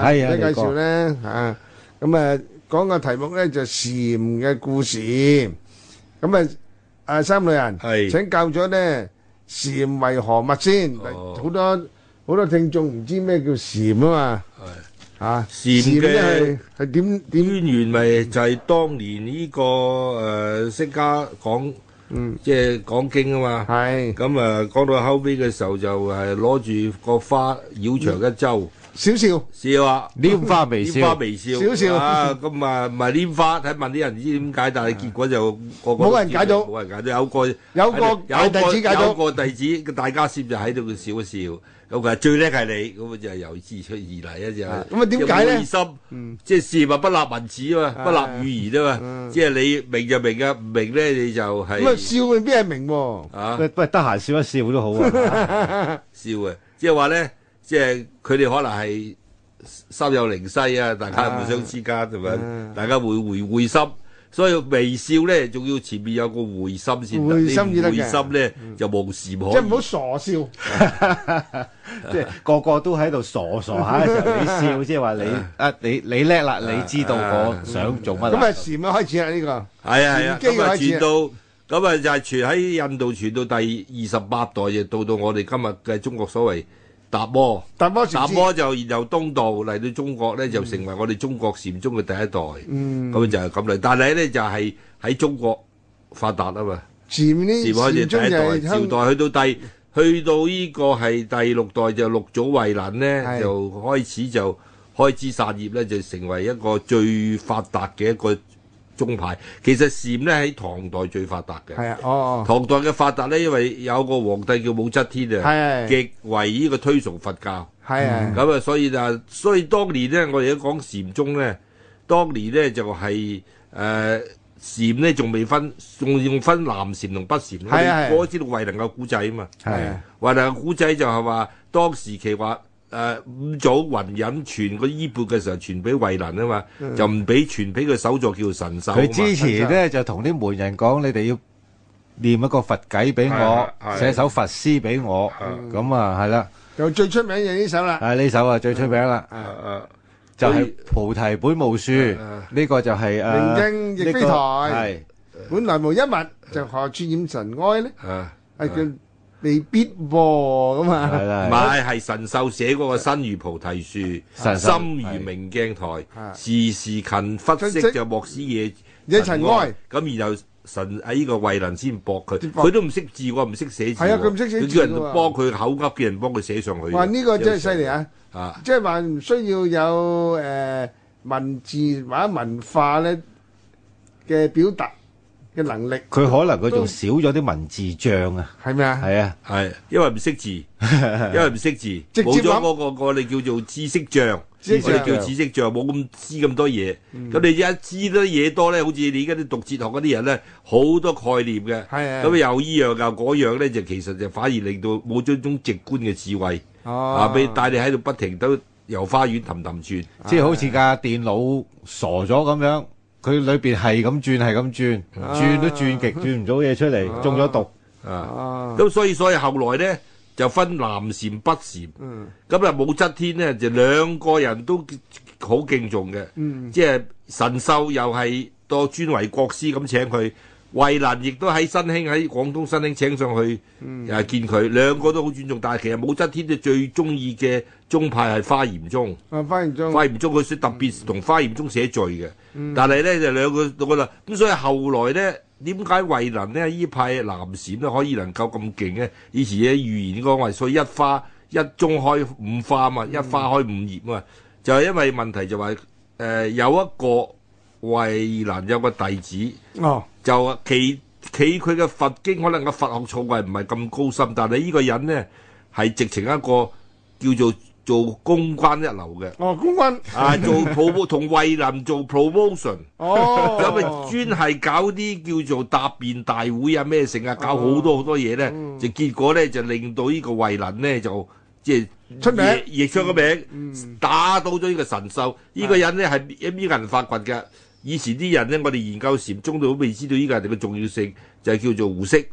係，你介紹咧嚇，咁啊講個題目咧就禪嘅故事，咁啊阿三老人請教咗咧禪為何物先，好多好多聽眾唔知咩叫禪啊嘛，嚇禪嘅係點點原嚟就係當年呢個誒釋迦講即係講經啊嘛，咁啊講到後尾嘅時候就係攞住個花繞場一週。少少笑啊！拈花微笑，少少啊！咁啊，唔係拈花，睇問啲人知點解，但係結果就個個冇人解到，冇人解到。有個有個弟子解到，有個弟子大家先就喺度笑一笑。咁佢話，最叻係你，咁啊就由自出而嚟啊，就咁啊，點解呢？心，即係事物不立文字啊嘛，不立語言啊嘛，即係你明就明啊，唔明咧你就係笑邊係明喎？啊！不係得閒笑一笑都好啊！笑啊！即係話咧。即係佢哋可能係心有靈犀啊，大家互相之間係咪？大家會會會心，所以微笑咧，仲要前面有個會心先得。呢個會心咧就無時可。即係唔好傻笑，即係個個都喺度傻傻嘅時候你笑，即係話你啊，你你叻啦，你知道我想做乜。咁啊，禪開始啦呢個。係啊，都係傳到咁啊，就係傳喺印度傳到第二十八代，就到到我哋今日嘅中國所謂，達摩，達摩，宗派其實禪咧喺唐代最發達嘅，係啊，唐代嘅發達咧，因為有個皇帝叫武則天啊，係極為呢個推崇佛教，係啊，咁啊，所以就所以當年咧，我哋都講禪宗咧，當年咧就係誒禪咧仲未分，仲要分南禪同北禪，我我知道慧能嘅古仔啊嘛，係慧能嘅古仔就係話當時期話。誒，五祖雲隱傳嗰啲衣缽嘅時候，傳俾慧能啊嘛，就唔俾傳俾佢手座叫神秀。佢之前咧就同啲門人講，你哋要念一個佛偈俾我，寫首佛詩俾我，咁啊係啦。就最出名嘅呢首啦。係呢首啊，最出名啦。啊啊，就係菩提本無樹，呢個就係誒。明鏡亦非台，本來無一物，就何處染塵埃咧？啊，係叫。未必噉啊，唔係係神秀寫嗰個身如菩提樹，心如明鏡台，時時勤拂拭，就莫使惹惹塵埃。咁然後神喺呢個慧能先駁佢，佢都唔識字喎，唔識寫字喎，叫人幫佢口急嘅人幫佢寫上去。呢個真係犀利啊！啊，即係話唔需要有誒文字或者文化咧嘅表達。嘅能力，佢可能佢仲少咗啲文字障啊。係咩啊？係啊，係因為唔識字，因為唔識字，冇咗嗰個個你叫做知識障，我哋叫知識障，冇咁知咁多嘢。咁你一知得嘢多咧，好似你而家啲讀哲學嗰啲人咧，好多概念嘅。係啊，咁又依樣又嗰樣咧，就其實就反而令到冇咗種直觀嘅智慧。哦，俾帶你喺度不停都由花園氹氹轉，即係好似架電腦傻咗咁樣。佢裏邊係咁轉，係咁轉，轉都轉極、啊，轉唔到嘢出嚟，啊、中咗毒啊。啊，咁、啊、所以所以後來咧就分南禪北禪。嗯，咁啊武則天咧就兩個人都好敬重嘅。嗯，即係神秀又係都尊為國師咁請佢。慧能亦都喺新興，喺廣東新興請上去誒，呃、見佢，兩個都好尊重。但係其實武則天就最中意嘅宗派係華嚴宗。啊，華嚴宗。華嚴宗佢寫，特別同華嚴宗寫序嘅。嗯、但係咧就兩個都覺得咁，所以後來咧點解慧能呢？呢派南禪都可以能夠咁勁呢？以前嘅預言講話，所以一花一宗開五花嘛，一花開五葉嘛，嗯、就係因為問題就話、是、誒、呃、有一個。慧能有個弟子，哦、就企企佢嘅佛經，可能個佛學造詣唔係咁高深，但係呢個人呢係直情一個叫做做公關一流嘅。哦，公關啊，做 p r 同慧能做 promotion，因為專、哦、係搞啲叫做答辯大會啊，咩成啊，搞好多好多嘢咧，哦嗯、就結果咧就令到呢個慧能呢就即係、就是、出名，亦出個名，嗯嗯、打到咗呢個神秀。呢、這個人呢係一啲人發掘嘅。以前啲人咧，我哋研究禪宗都好未知道呢個人嘅重要性，就係、是、叫做胡適。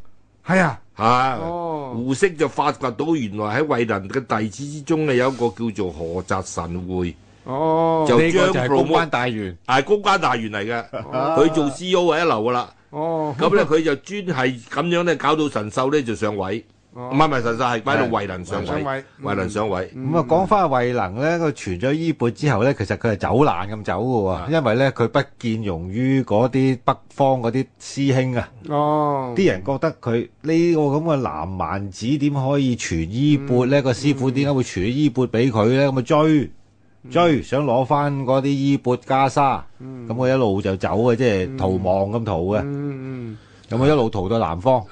係啊，嚇、啊，哦、胡適就發掘到原來喺慧能嘅弟子之中咧，有一個叫做何澤神會，哦，就係高官大員，係高官大員嚟嘅。佢、啊、做 C.O. 係一流噶啦。哦，咁咧佢就專係咁樣咧，搞到神秀咧就上位。唔係唔係，實、哦、在係喺度慧能上位，慧能上位。咁啊，講翻阿慧能咧，佢傳咗衣缽之後咧，其實佢係走難咁走嘅喎。的因為咧，佢不見容於嗰啲北方嗰啲師兄啊。哦。啲人覺得佢呢噢個咁嘅南蠻子點可以傳衣缽咧？個、嗯、師傅點解會傳咗衣缽俾佢咧？咁啊追追，想攞翻嗰啲衣缽袈裟。咁佢、嗯、一路就走啊，即係逃亡咁逃嘅、嗯。嗯嗯。咁佢一路逃到南方。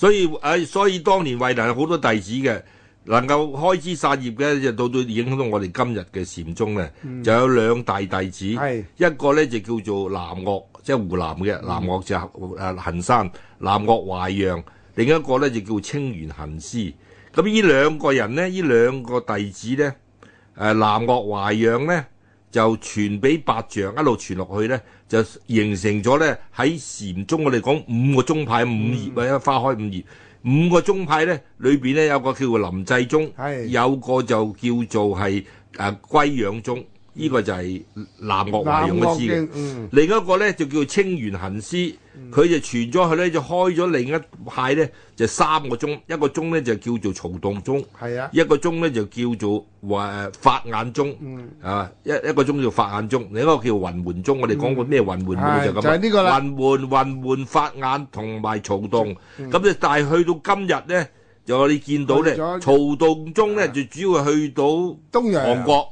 所以誒、啊，所以當年慧能有好多弟子嘅，能夠開枝散葉嘅，就到到影響到我哋今日嘅禪宗咧。嗯、就有兩大弟子，嗯、一個咧就叫做南岳，即、就、係、是、湖南嘅南岳就誒衡山、嗯、南岳懷讓，另一個咧就叫青原行思。咁呢兩個人咧，呢兩個弟子咧，誒、呃、南岳懷讓咧就傳俾百丈一路傳落去咧。就形成咗咧喺禪宗，我哋講五個宗派，五葉啊，一花開五葉，五個宗派咧，裏邊咧有個叫做臨濟宗，的有個就叫做係誒溈仰宗。啊呢個就係南岳弘揚嘅師嘅，嗯、另一個咧就叫清源行思，佢、嗯、就傳咗去咧就開咗另一派咧就三個宗，一個宗咧就叫做曹洞宗」啊，係、呃嗯、啊一，一個宗咧就叫做誒法眼宗」，啊一一個宗叫法眼宗」，另一個叫雲門宗」。我哋講過咩雲門宗、嗯、就咁，雲門雲門法眼同埋曹洞，咁咧、嗯嗯、但係去到今日咧，就你見到咧曹洞宗」咧就主要去到中國。嗯中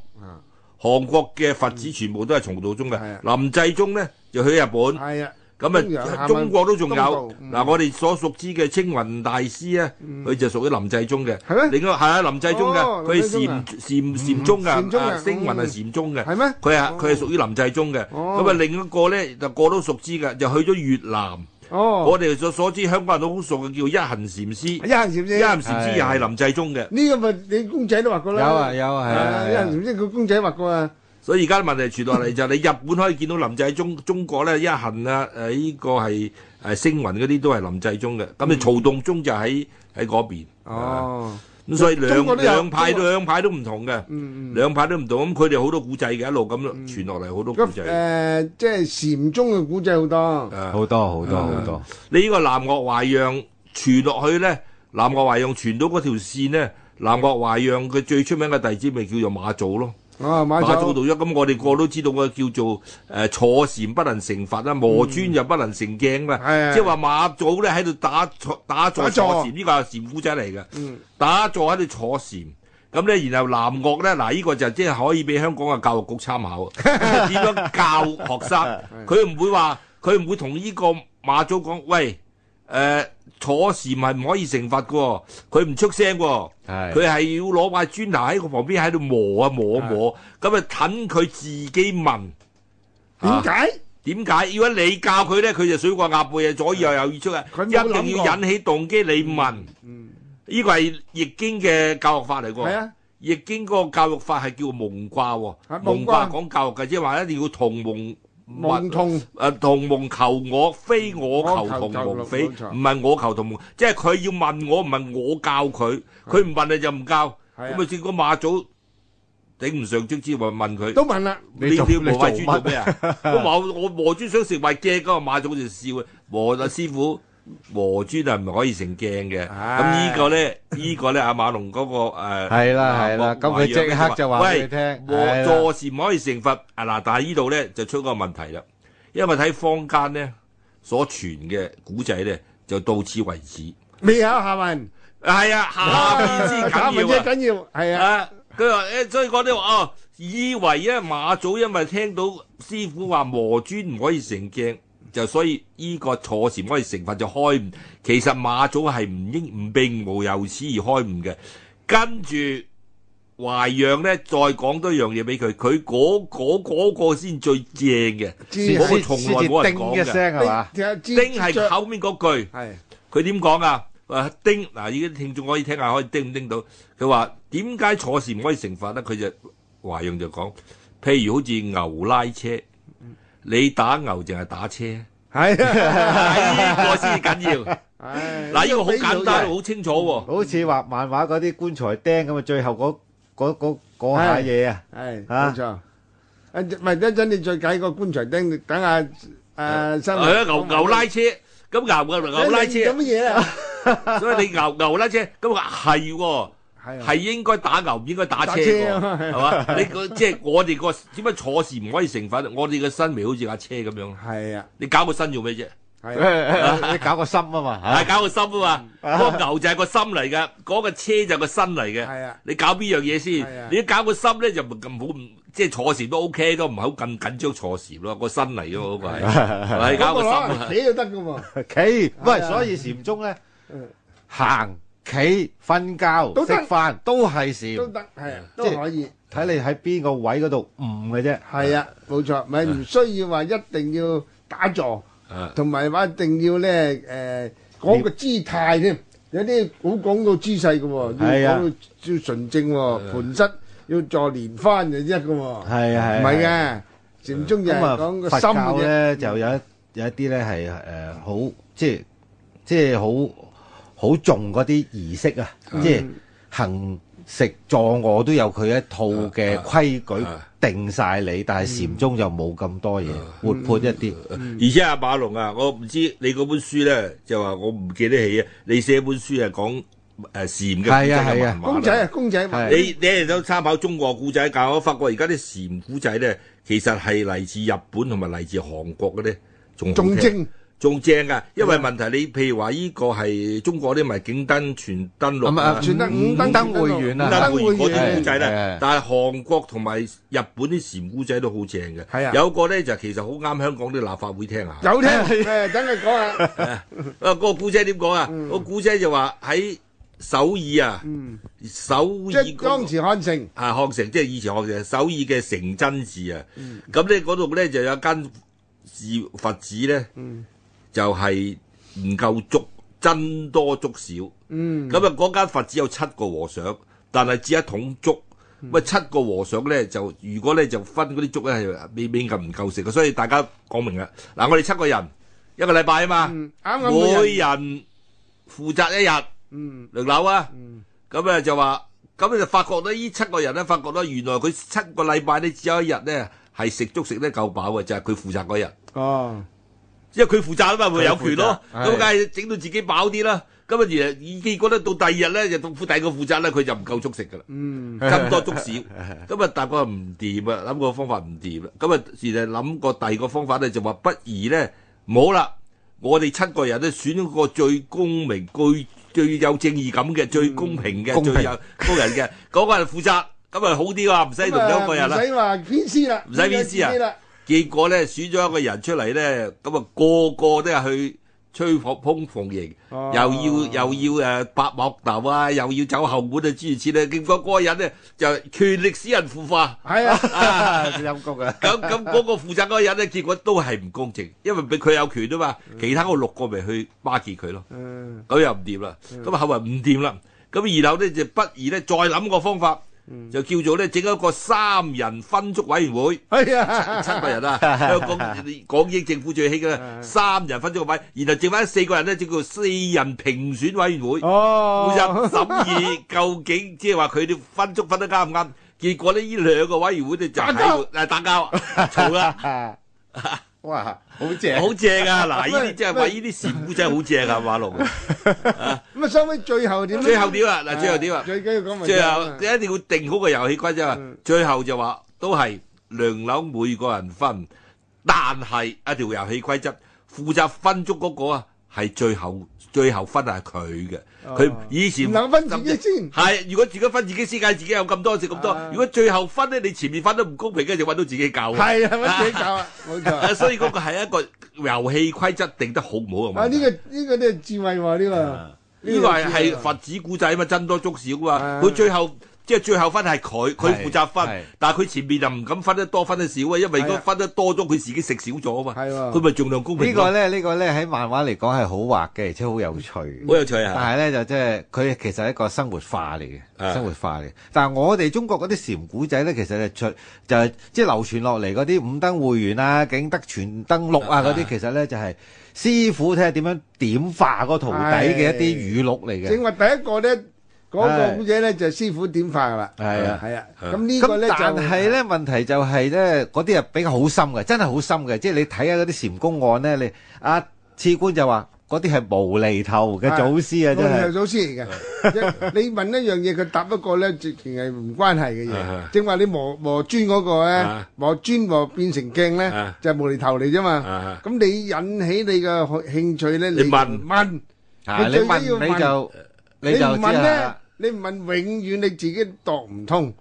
韓國嘅佛寺全部都係曹洞宗嘅。臨濟宗咧就去日本，咁啊中國都仲有，嗱我哋所熟知嘅青雲大師啊，佢就屬於臨濟宗嘅，係咩？另一個係啊臨濟宗嘅，佢禪禪禪宗噶，啊星雲係禪宗嘅，係咩？佢啊佢係屬於臨濟宗嘅，咁啊另一個咧就個都熟知嘅，就去咗越南。哦，oh。我哋所所知香港人都好熟嘅，叫一行禪師。一行禪師一行禪師又係臨濟宗嘅。呢、啊這個咪你公仔都畫過啦，啊。有啊有啊，係啊，啊一行禪師個公仔畫過啊。所以而家問題傳落嚟就係、是， 你日本可以見到臨濟宗，中國咧一行啊誒依、這個係誒、呃、星雲嗰啲都係臨濟宗嘅。咁你、嗯、曹洞宗就喺喺嗰邊。哦。咁所以兩兩派兩國派都唔同嘅，兩派都唔同，嗯嗯、同。咁佢哋好多古仔嘅，嗯、一路咁傳落嚟好多古仔誒，即係禪宗嘅古仔好多。好多好多好多。多嗯嗯、你呢個南岳懷讓傳落去咧，南岳懷讓傳到嗰條線咧，南岳懷讓佢最出名嘅弟子咪叫做馬祖咯。哦，啊、馬祖道一，咁我哋個都知道，我叫做誒、呃、坐禪不能成佛啦，磨磚又不能成鏡啦，嗯、即係話馬祖咧喺度打坐，打坐，坐禪，呢、哦、個係禪夫仔嚟嘅，嗯、打坐喺度坐禪。咁咧然後南岳咧，嗱呢、這個就即係可以俾香港嘅教育局參考，點 樣教學生，佢唔會話，佢唔會同呢個馬祖講，喂。誒、呃、坐時唔係唔可以成佛嘅，佢唔出聲喎、哦，佢係的要攞塊磚頭喺個旁邊喺度磨啊磨磨，咁啊等佢自己問點解？點解、啊、如果你教佢咧？佢就水過鴨背啊，左耳右耳出啊，一定要引起動機。你問，呢個係易經嘅教育法嚟㗎。的易經嗰個教育法係叫蒙卦喎、哦，蒙卦講教育嘅，即係話一定要同蒙。夢夢同、啊，誒，求我，非我求童蒙非，唔係夢同 我求童蒙，即係佢要問我，唔係我教佢，佢唔、嗯、問你就唔教，咁啊、嗯，結果馬祖頂唔上，即之話問佢，都問啦，你條磨磚做咩啊？我磨磚想食埋鏡，嗰個馬祖就笑啊，磨師傅。磨磚係唔可以成鏡嘅，咁唉、嗯、呢、這個咧，呢、那個咧，阿馬龍嗰個誒，係啦係啦，咁佢即刻就話喂，聽，磨坐是唔可以成佛，啊嗱啦，但係呢度咧就出個問題啦，因為睇坊間咧所傳嘅古仔咧就到此為止，未有，下文，係啊、哎、下文最緊要，係 啊，佢話、啊欸、所以講啲話哦，以為啊馬祖因為聽到，聽到師傅話磨磚唔可以成鏡。就所以依個坐禪唔可以成佛就開悟，其實馬祖係唔應唔並無由此而開悟嘅。跟住懷讓咧，再講多樣嘢俾佢，佢嗰嗰嗰個先最正嘅，嗰個從來冇人講嘅。叮嘅聲係嘛？叮係後面嗰句係，佢點講啊？啊叮嗱，依家聽眾可以聽下，可以叮唔叮到？佢話點解坐禪唔可以成佛咧？佢就懷讓就講，譬如好似牛拉車。你打牛淨係打車，係呢個先緊要。嗱，呢個好簡單，好清楚。好似畫漫畫嗰啲棺材釘咁啊，最後嗰嗰嗰嗰下嘢啊。係冇錯。唔係等陣你再解個棺材釘，等下誒，牛牛拉車。咁牛嘅牛拉車。咁乜嘢啊？所以你牛牛拉車，咁啊係。係應該打牛，唔應該打車，係嘛？你個即係我哋個點解坐禪唔可以成佛？我哋個身咪好似架車咁樣。係啊，你搞個身用咩啫？你搞個心啊嘛，係搞個心啊嘛。個牛就係個心嚟噶，嗰個車就係個身嚟嘅。係啊，你搞邊樣嘢先。你搞個心咧就唔好，即係坐禪都 O K，都唔好咁緊張坐禪咯。個身嚟噶嗰個係，係搞個心啊。企就得噶喎，企。喂，所以禪宗咧，行。企、瞓覺、食飯都係事，都得係啊，都可以睇你喺邊個位嗰度悟嘅啫。係啊，冇錯，咪唔需要話一定要打坐，同埋話一定要咧誒、呃、講個姿態添，呃、你有啲好講到姿勢嘅喎，要講到要純正喎，盤膝要坐蓮花嘅啫嘅喎。係啊，係唔係嘅？禪宗就係、啊、講個心咧，呃、就有一有一啲咧係誒好，即係即係好。好重嗰啲儀式啊，即係、嗯、行食坐臥都有佢一套嘅規矩定晒你，嗯、但係禪宗就冇咁多嘢，嗯、活潑一啲。而且阿馬龍啊，我唔知你嗰本書咧，就話我唔記得起啊。你寫本書係講誒禪嘅古啊，嘅啊，公仔啊，公仔、啊、你你嚟都參考中國古仔教，我發覺而家啲禪古仔咧，其實係嚟自日本同埋嚟自韓國嗰啲仲精。仲正噶，因為問題，你譬如話呢個係中國啲，咪景德傳燈錄，唔係啊，傳燈錄、五燈會元啊，登登古仔啦。但係韓國同埋日本啲禪古仔都好正嘅。係啊，有個咧，就其實好啱香港啲立法會聽下。有聽，等你講下。啊，個古仔點講啊？個古仔就話喺首爾啊，首爾。即當時漢城啊，漢城即係以前漢城。首爾嘅城真寺啊，咁咧，嗰度咧就有間寺佛寺咧。就係唔夠粥，僧多粥少。咁啊、嗯，嗰間佛寺有七個和尚，但係只一桶粥。咁、嗯、七個和尚咧，就如果咧就分嗰啲粥咧係勉勉強唔夠食嘅。所以大家講明啦。嗱，我哋七個人一個禮拜啊嘛，嗯、剛剛人每人負責一日輪流啊。咁啊、嗯嗯、就話，咁就發覺咧，呢七個人咧發覺咧，原來佢七個禮拜咧只有一日咧係食粥食得夠飽嘅，就係、是、佢負，負責嗰日。哦、嗯。嗯因為佢負責啊嘛，咪有權咯，咁梗係整到自己飽啲啦。咁啊而結果到第二日咧，就到第二個負責咧，佢就唔夠足食噶啦。嗯，咁多足少，咁啊，大概唔掂啊，諗個方法唔掂，咁啊，而家諗個第二個方法咧，就話不如咧，唔好啦，我哋七個人咧選一個最公平、最最有正義感嘅、最公平嘅、最有高人嘅嗰個嚟負責，咁啊好啲啊，唔使同兩個人啦，唔使話偏私啦，唔使偏私啊。結果咧選咗一個人出嚟咧，咁啊個個都係去吹捧逢迎，又要又要誒拜碼頭啊，又要走後門啊，諸如此類。結果嗰個人咧就權力使人腐化。係啊，陰功啊。咁咁嗰個負責嗰個人咧，結果都係唔公正，因為俾佢有權啊嘛。其他嗰六個咪去巴結佢咯。嗯。咁又唔掂啦。咁啊後嚟唔掂啦。咁然後咧就不宜咧再諗個方法。就叫做咧整一個三人分組委員會，七個人啊， 香港港英政府最興嘅三人分組委員會，然後剩返四個人咧，就叫四人評選委員會，一、哦、審議究竟， 即係話佢哋分組分得啱唔啱？結果呢，呢兩個委員會咧就喺度打交，嘈啦。 哇，好正， 好正啊！嗱，呢啲麼即係話呢啲禪故事真係好正噶，馬龍。咁啊，收尾、 啊、最後點、啊？最後點啊，嗱、啊，最後點啊，最後一定要定好個遊戲規則。嗯、最後就話都係兩樓每個人分，但係一條遊戲規則，負責分足嗰個啊，係最後。最後分係佢嘅，佢以前兩分自己先。係，如果自己分自己先，界，自己有咁多食咁多。如果最後分咧，你前面分得唔公平，跟住揾到自己救。係、啊，揾自己救。啊！冇錯。所以嗰個係一個遊戲規則定得好唔好啊？這個這個嘛這個、啊，呢個呢個都係智慧喎，呢個呢個係佛子故仔啊嘛，僧多粥少啊嘛，佢、啊、最後。即係最後分係佢，佢負責分，但係佢前面就唔敢分得多，分得少啊，因為如果分得多咗，佢自己食少咗啊嘛。係喎，佢咪盡量公平。呢個咧，呢個咧喺漫畫嚟講係好畫嘅，而且好有趣。好有趣啊！但係咧就即係佢其實係一個生活化嚟嘅，生活化嚟。但係我哋中國嗰啲禪古仔咧，其實就就即係流傳落嚟嗰啲五燈會元啊、景德傳燈錄啊嗰啲，其實咧就係師傅睇下點樣點化個徒弟嘅一啲語錄嚟嘅。正話第一個咧。嗰個嘢咧就師傅點化噶啦，係啊係啊，咁呢個咧就，但係咧問題就係咧嗰啲係比較好深嘅，真係好深嘅，即係你睇下嗰啲禪公案咧，你阿次官就話嗰啲係無厘頭嘅祖師啊，真係無厘頭祖師嚟嘅，你問一樣嘢佢答一個咧，直情係唔關係嘅嘢，正話你磨磨磚嗰個咧，磨磚磨變成鏡咧就係無厘頭嚟啫嘛，咁你引起你嘅興趣咧，你問問，佢最緊要就。你唔問咧，你唔問永遠你自己度唔通，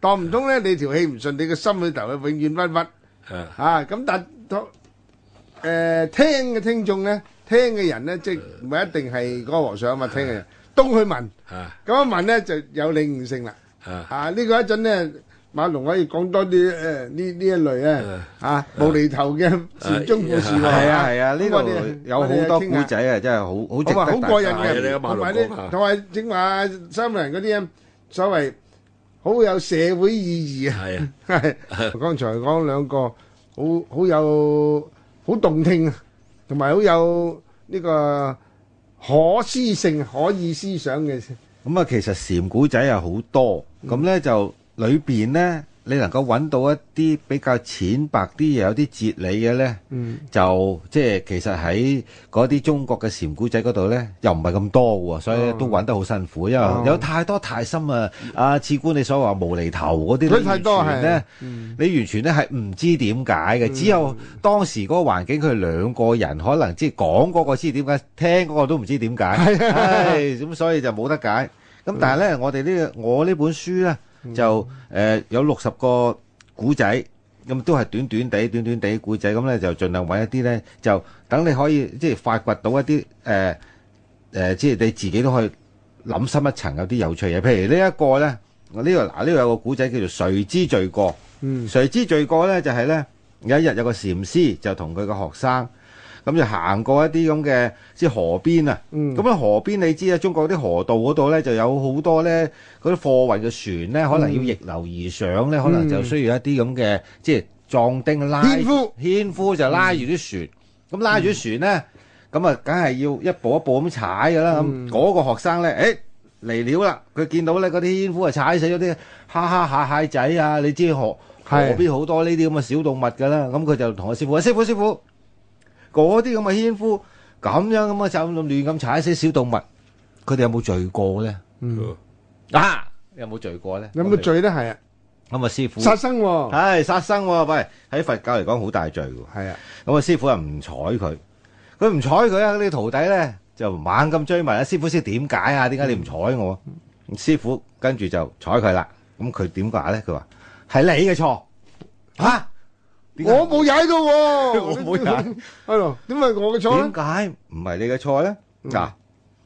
度唔通咧，你條氣唔順，你個心裏頭啊永遠鬱鬱，啊咁但當誒聽嘅聽眾咧，聽嘅人咧，即係唔係一定係嗰個和尚啊嘛，聽嘅人都去問，咁問咧就有領悟性啦，啊呢個一陣咧。馬龍可以講多啲誒，呢、呢一類啊，啊無厘頭嘅禪宗故事喎，係啊係啊，呢度有好多古仔啊，真係好好好過癮嘅，同埋咧同埋正話三個人嗰啲啊，所謂好有社會意義啊，係啊，係剛才講兩個好好有好動聽啊，同埋好有呢個可思性可以思想嘅，咁啊其實禪古仔啊好多，咁咧就。裏邊呢，你能夠揾到一啲比較淺白啲又有啲哲理嘅呢，就即係其實喺嗰啲中國嘅禪古仔嗰度呢，又唔係咁多，所以都揾得好辛苦，因為有太多太深啊！啊，似官你所謂話無厘頭嗰啲，佢太多呢，你完全咧係唔知點解嘅。只有當時嗰個環境，佢兩個人可能即係講嗰個知點解，聽嗰個都唔知點解，咁是、哎，所以就冇得解。咁是、嗯、但係呢，我哋呢，我呢本書呢。呢呢就誒、呃、有六十個古仔，咁、嗯、都係短短地、短短地古仔，咁咧就盡量揾一啲咧，就等你可以即係發掘到一啲誒誒，即係你自己都可以諗深一層有啲有趣嘢。譬如呢、這個這個這個、一個咧，呢個嗱，呢個有個古仔叫做誰知罪過。嗯，誰知罪過咧就係咧有一日有個禪師就同佢嘅學生。咁就行過一啲咁嘅即係河邊啊！咁喺河邊你知啊，中國啲河道嗰度咧就有好多咧嗰啲貨運嘅船咧，可能要逆流而上咧，可能就需要一啲咁嘅即係壯丁拉牽夫牽夫，就拉住啲船。咁拉住啲船咧，咁啊，梗係要一步一步咁踩噶啦。咁嗰個學生咧，誒嚟了啦！佢見到咧嗰啲牽夫啊，踩死咗啲蝦蝦蟹蟹仔啊！你知河河邊好多呢啲咁嘅小動物噶啦。咁佢就同阿師傅話：師傅，師傅！嗰啲咁嘅牽夫，咁樣咁嘅就咁亂咁踩死小動物，佢哋有冇罪過咧？嗯，啊，有冇罪過咧？有冇罪咧？係啊。咁啊，師傅殺生喎。係殺生喎，喂！喺佛教嚟講，好大罪喎。係啊。咁啊，師傅又唔睬佢，佢唔睬佢啊！啲徒弟咧就猛咁追問啊，師傅，知點解啊？點解你唔睬我？師傅跟住就睬佢啦。咁佢點解咧？佢話係你嘅錯。嚇？我冇踩到喎， 我冇踩，係咯，嗯？點解我嘅錯？點解唔係你嘅錯咧？嗱，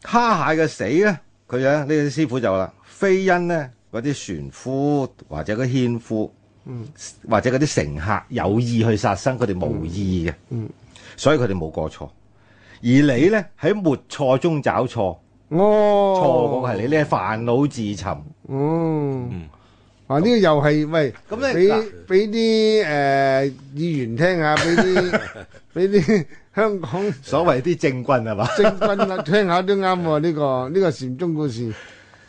蝦蟹嘅死咧，佢咧呢個師傅就話啦，非因咧嗰啲船夫或者嗰啲纖夫，嗯，或者嗰啲乘客有意去殺生，佢哋、嗯、無意嘅，嗯，所以佢哋冇過錯。而你咧喺沒錯中找錯，哦，錯過係你咧，煩惱自尋，嗯。嗯啊！呢個又係喂，咁俾俾啲誒議員聽下，俾啲俾啲香港所謂啲政棍係嘛？政棍啦，聽下都啱喎。呢個呢個禪宗故事。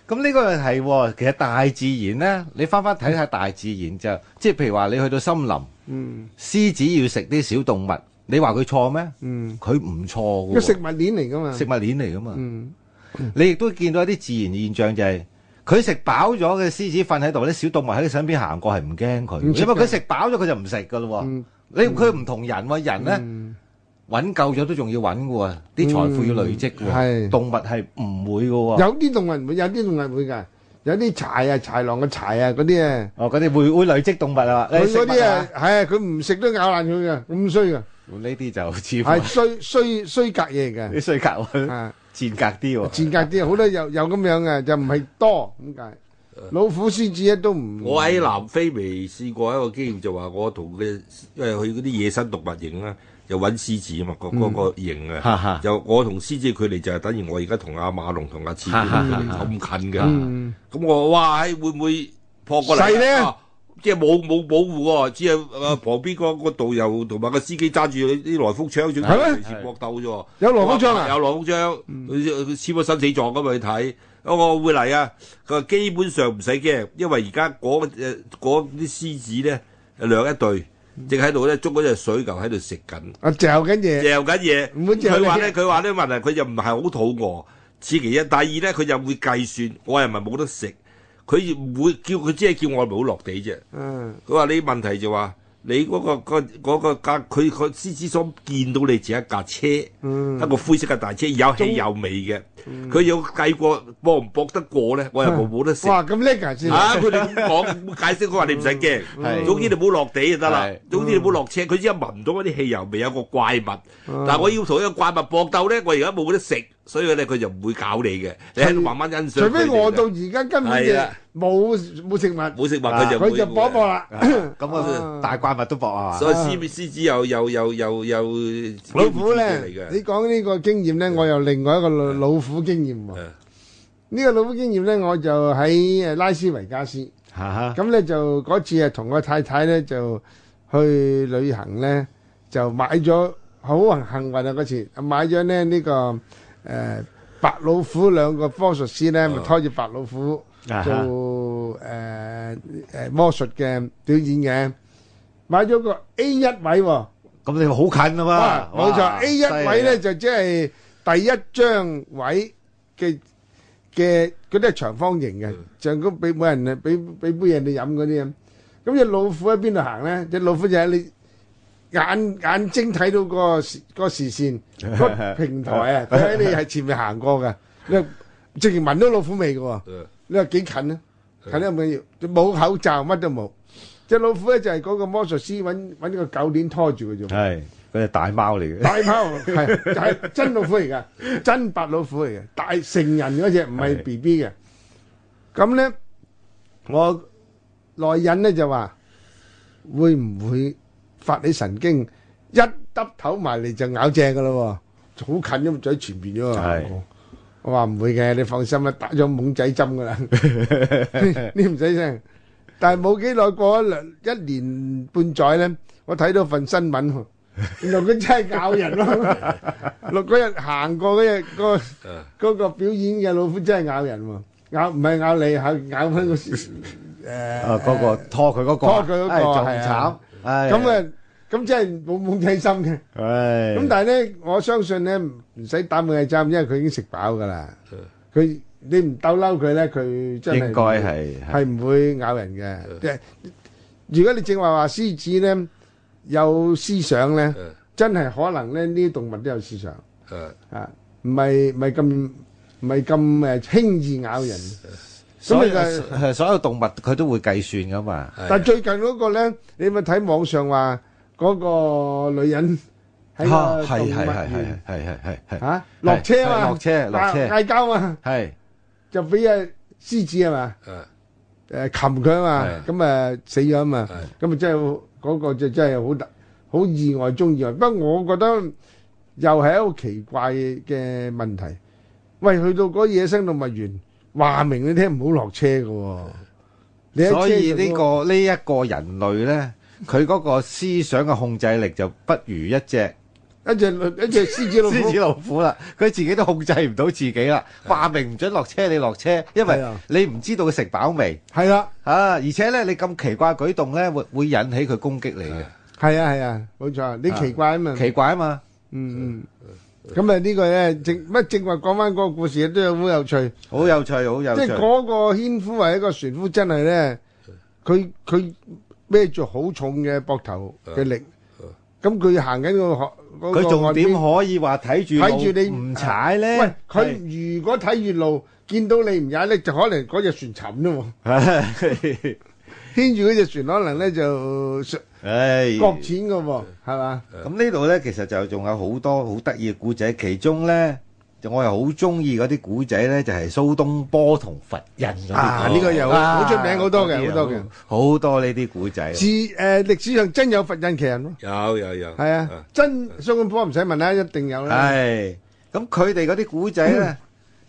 咁呢個係其實大自然咧，你翻翻睇下大自然就即係譬如話你去到森林，嗯，獅子要食啲小動物，你話佢錯咩？嗯，佢唔錯嘅。食物鏈嚟㗎嘛，食物鏈嚟㗎嘛。嗯，你亦都見到一啲自然現象就係。佢食飽咗嘅獅子瞓喺度，啲小動物喺佢身邊行過係唔驚佢。唔止啊，佢食飽咗佢就唔食噶咯。嗯、你佢唔同人，人咧揾、嗯、夠咗都仲要揾噶喎，啲財富要累積噶。嗯、動物係唔會噶喎。有啲動物唔會，有啲動物會㗎。有啲豺啊，豺狼嘅豺啊，嗰啲啊。哦，嗰啲會會累積動物啊。佢嗰啲啊，係佢唔食都咬爛佢嘅咁衰嘅。呢啲就似係衰衰衰格嘢嚟嘅。你衰格賤格啲喎，哦，賤格啲，好多有有咁樣嘅，就唔係多，點解？ 老虎獅子咧都唔，我喺南非未試過一個經驗，就話我同佢，因為去嗰啲野生動物營啦，就揾獅子啊嘛，嗰嗰，嗯、個營啊，哈哈就我同獅子距離就係等於我而家同阿馬龍同阿刺虎咁近㗎，咁，嗯嗯、我哇，會唔會撲過嚟，啊？呢即係冇冇保護喎，只係誒旁邊個個導遊同埋個司機揸住啲來福槍，仲同佢維持搏鬥啫喎。有來福槍啊！有來福槍，佢簽個生死狀咁去睇。我會嚟啊！佢話基本上唔使驚，因為而家嗰誒嗰啲獅子咧兩一對，正喺度咧捉嗰隻水牛喺度食緊。啊！嚼緊嘢，嚼緊嘢。佢話咧，佢話咧問啊，佢就唔係好肚餓。此其一，第二咧，佢又會計算，我又唔係冇得食。佢唔會叫佢，即係叫我唔好落地啫。嗯，佢話：你問題就話、是、你嗰、嗰個、嗰個架，佢、個獅子所見到你自己一架車，一、嗯、個灰色嘅大車，有氣有味嘅。佢有計過搏唔搏得過咧？我又冇冇、嗯、得食。咁叻啊！啊！佢哋講解釋，佢話你唔使驚，嗯、總之你唔好落地就得啦。嗯、總之你唔好落車，佢只係聞到嗰啲汽油味有個怪物。嗯、但係我要同一個怪物搏鬥咧，我而家冇得食。所以咧，佢就唔會搞你嘅。你喺度慢慢欣賞。除非我到而家根本就冇冇食物冇食物，佢就佢就搏一搏啦。咁啊，大怪物都搏啊。所以獅獅子又又又又又老虎咧。你講呢個經驗咧，我有另外一個老老虎經驗喎。呢個老虎經驗咧，我就喺誒拉斯維加斯咁咧，就嗰次啊，同我太太咧就去旅行咧，就買咗好幸幸運啊！嗰次買咗咧呢個。誒、呃、白老虎兩個魔術師咧，咪、嗯、拖住白老虎做誒誒、呃、魔術嘅表演嘅，買咗個 A 一位喎、哦，咁你好近啊嘛，冇錯哇 A 一位咧就即係第一張位嘅嘅嗰啲係長方形嘅，嗯、就咁俾每人啊俾俾杯嘢你飲嗰啲咁，咁隻、那個、老虎喺邊度行咧？隻、那個、老虎就喺你。眼眼睛睇到個個視線個平台啊，睇你係前面行過嘅， 直係聞到老虎味嘅喎。 你話幾近啊？近咧唔緊要，冇口罩，乜都冇。隻老虎咧就係嗰個魔術師揾揾個狗鏈拖住嘅啫。係嗰隻大貓嚟嘅。大貓係就係真老虎嚟嘅， 真白老虎嚟嘅，大成人嗰隻唔係 B B 嘅。咁咧 我來人咧就話會唔會？發你神經，一耷頭埋嚟就咬正噶咯，好近咁嘴前邊咗，我話唔會嘅，你放心啦，打咗懵仔針噶啦，你唔使驚。但係冇幾耐過咗兩一年半載咧，我睇到份新聞，原來佢真係咬人咯。六嗰日行過嗰日個嗰個表演嘅老虎真係咬人，咬唔係咬你，係咬翻個誒，啊嗰個拖佢嗰個，拖佢嗰個係仲慘，咁啊！咁即係冇冇戒心嘅，咁但係咧，我相信咧唔使打免疫針，因為佢已經食飽噶啦。佢你唔鬥嬲佢咧，佢真係應該係係唔會咬人嘅。即係如果你正話話獅子咧有思想咧，真係可能咧呢啲動物都有思想，啊唔係唔係咁唔係咁誒輕易咬人。所以誒所有動物佢都會計算噶嘛。但係最近嗰個咧，你咪睇網上話。嗰個女人喺個動物園，嚇係係係係係係係係嚇落車嘛，落車落車嗌交嘛，係就俾隻獅子啊嘛，誒擒佢啊嘛，咁啊死咗啊嘛，咁啊真係嗰個就真係好大好意外中意外。不過我覺得又係一個奇怪嘅問題。喂，去到嗰個野生動物園，話明你聽唔好落車㗎喎。所以呢個呢一個人類咧。佢嗰個思想嘅控制力就不如一隻一隻一隻獅子老虎啦，佢自己都控制唔到自己啦，話明唔准落車你落車，因為你唔知道佢食飽未。係啦，啊！而且咧，你咁奇怪舉動咧，會會引起佢攻擊你嘅。係啊係啊，冇錯啊！你奇怪啊嘛？奇怪啊嘛？嗯嗯。咁啊，呢個咧正乜正話講翻嗰個故事，都有好有趣，好有趣，好有趣。即係嗰個纖夫係一個船夫，真係咧，佢佢。孭住好重嘅膊頭嘅力，咁佢行緊個學，佢仲點可以話睇住睇住你唔踩咧？啊、呢喂，佢如果睇完路，見到你唔踩咧，就可能嗰隻船沉啫嘛。係牽住嗰隻船，可能咧就唉擱淺噶喎，係、呃、Hey, 嘛？咁呢度咧，其實就仲有好多好得意嘅古仔，其中咧。我係好中意嗰啲古仔咧，就係蘇東坡同佛印啊！呢個又好出名，好多嘅好多嘅好多呢啲古仔。史誒歷史上真有佛印奇人咯？有有有。係啊，真蘇東坡唔使問啦，一定有啦。係咁，佢哋嗰啲古仔咧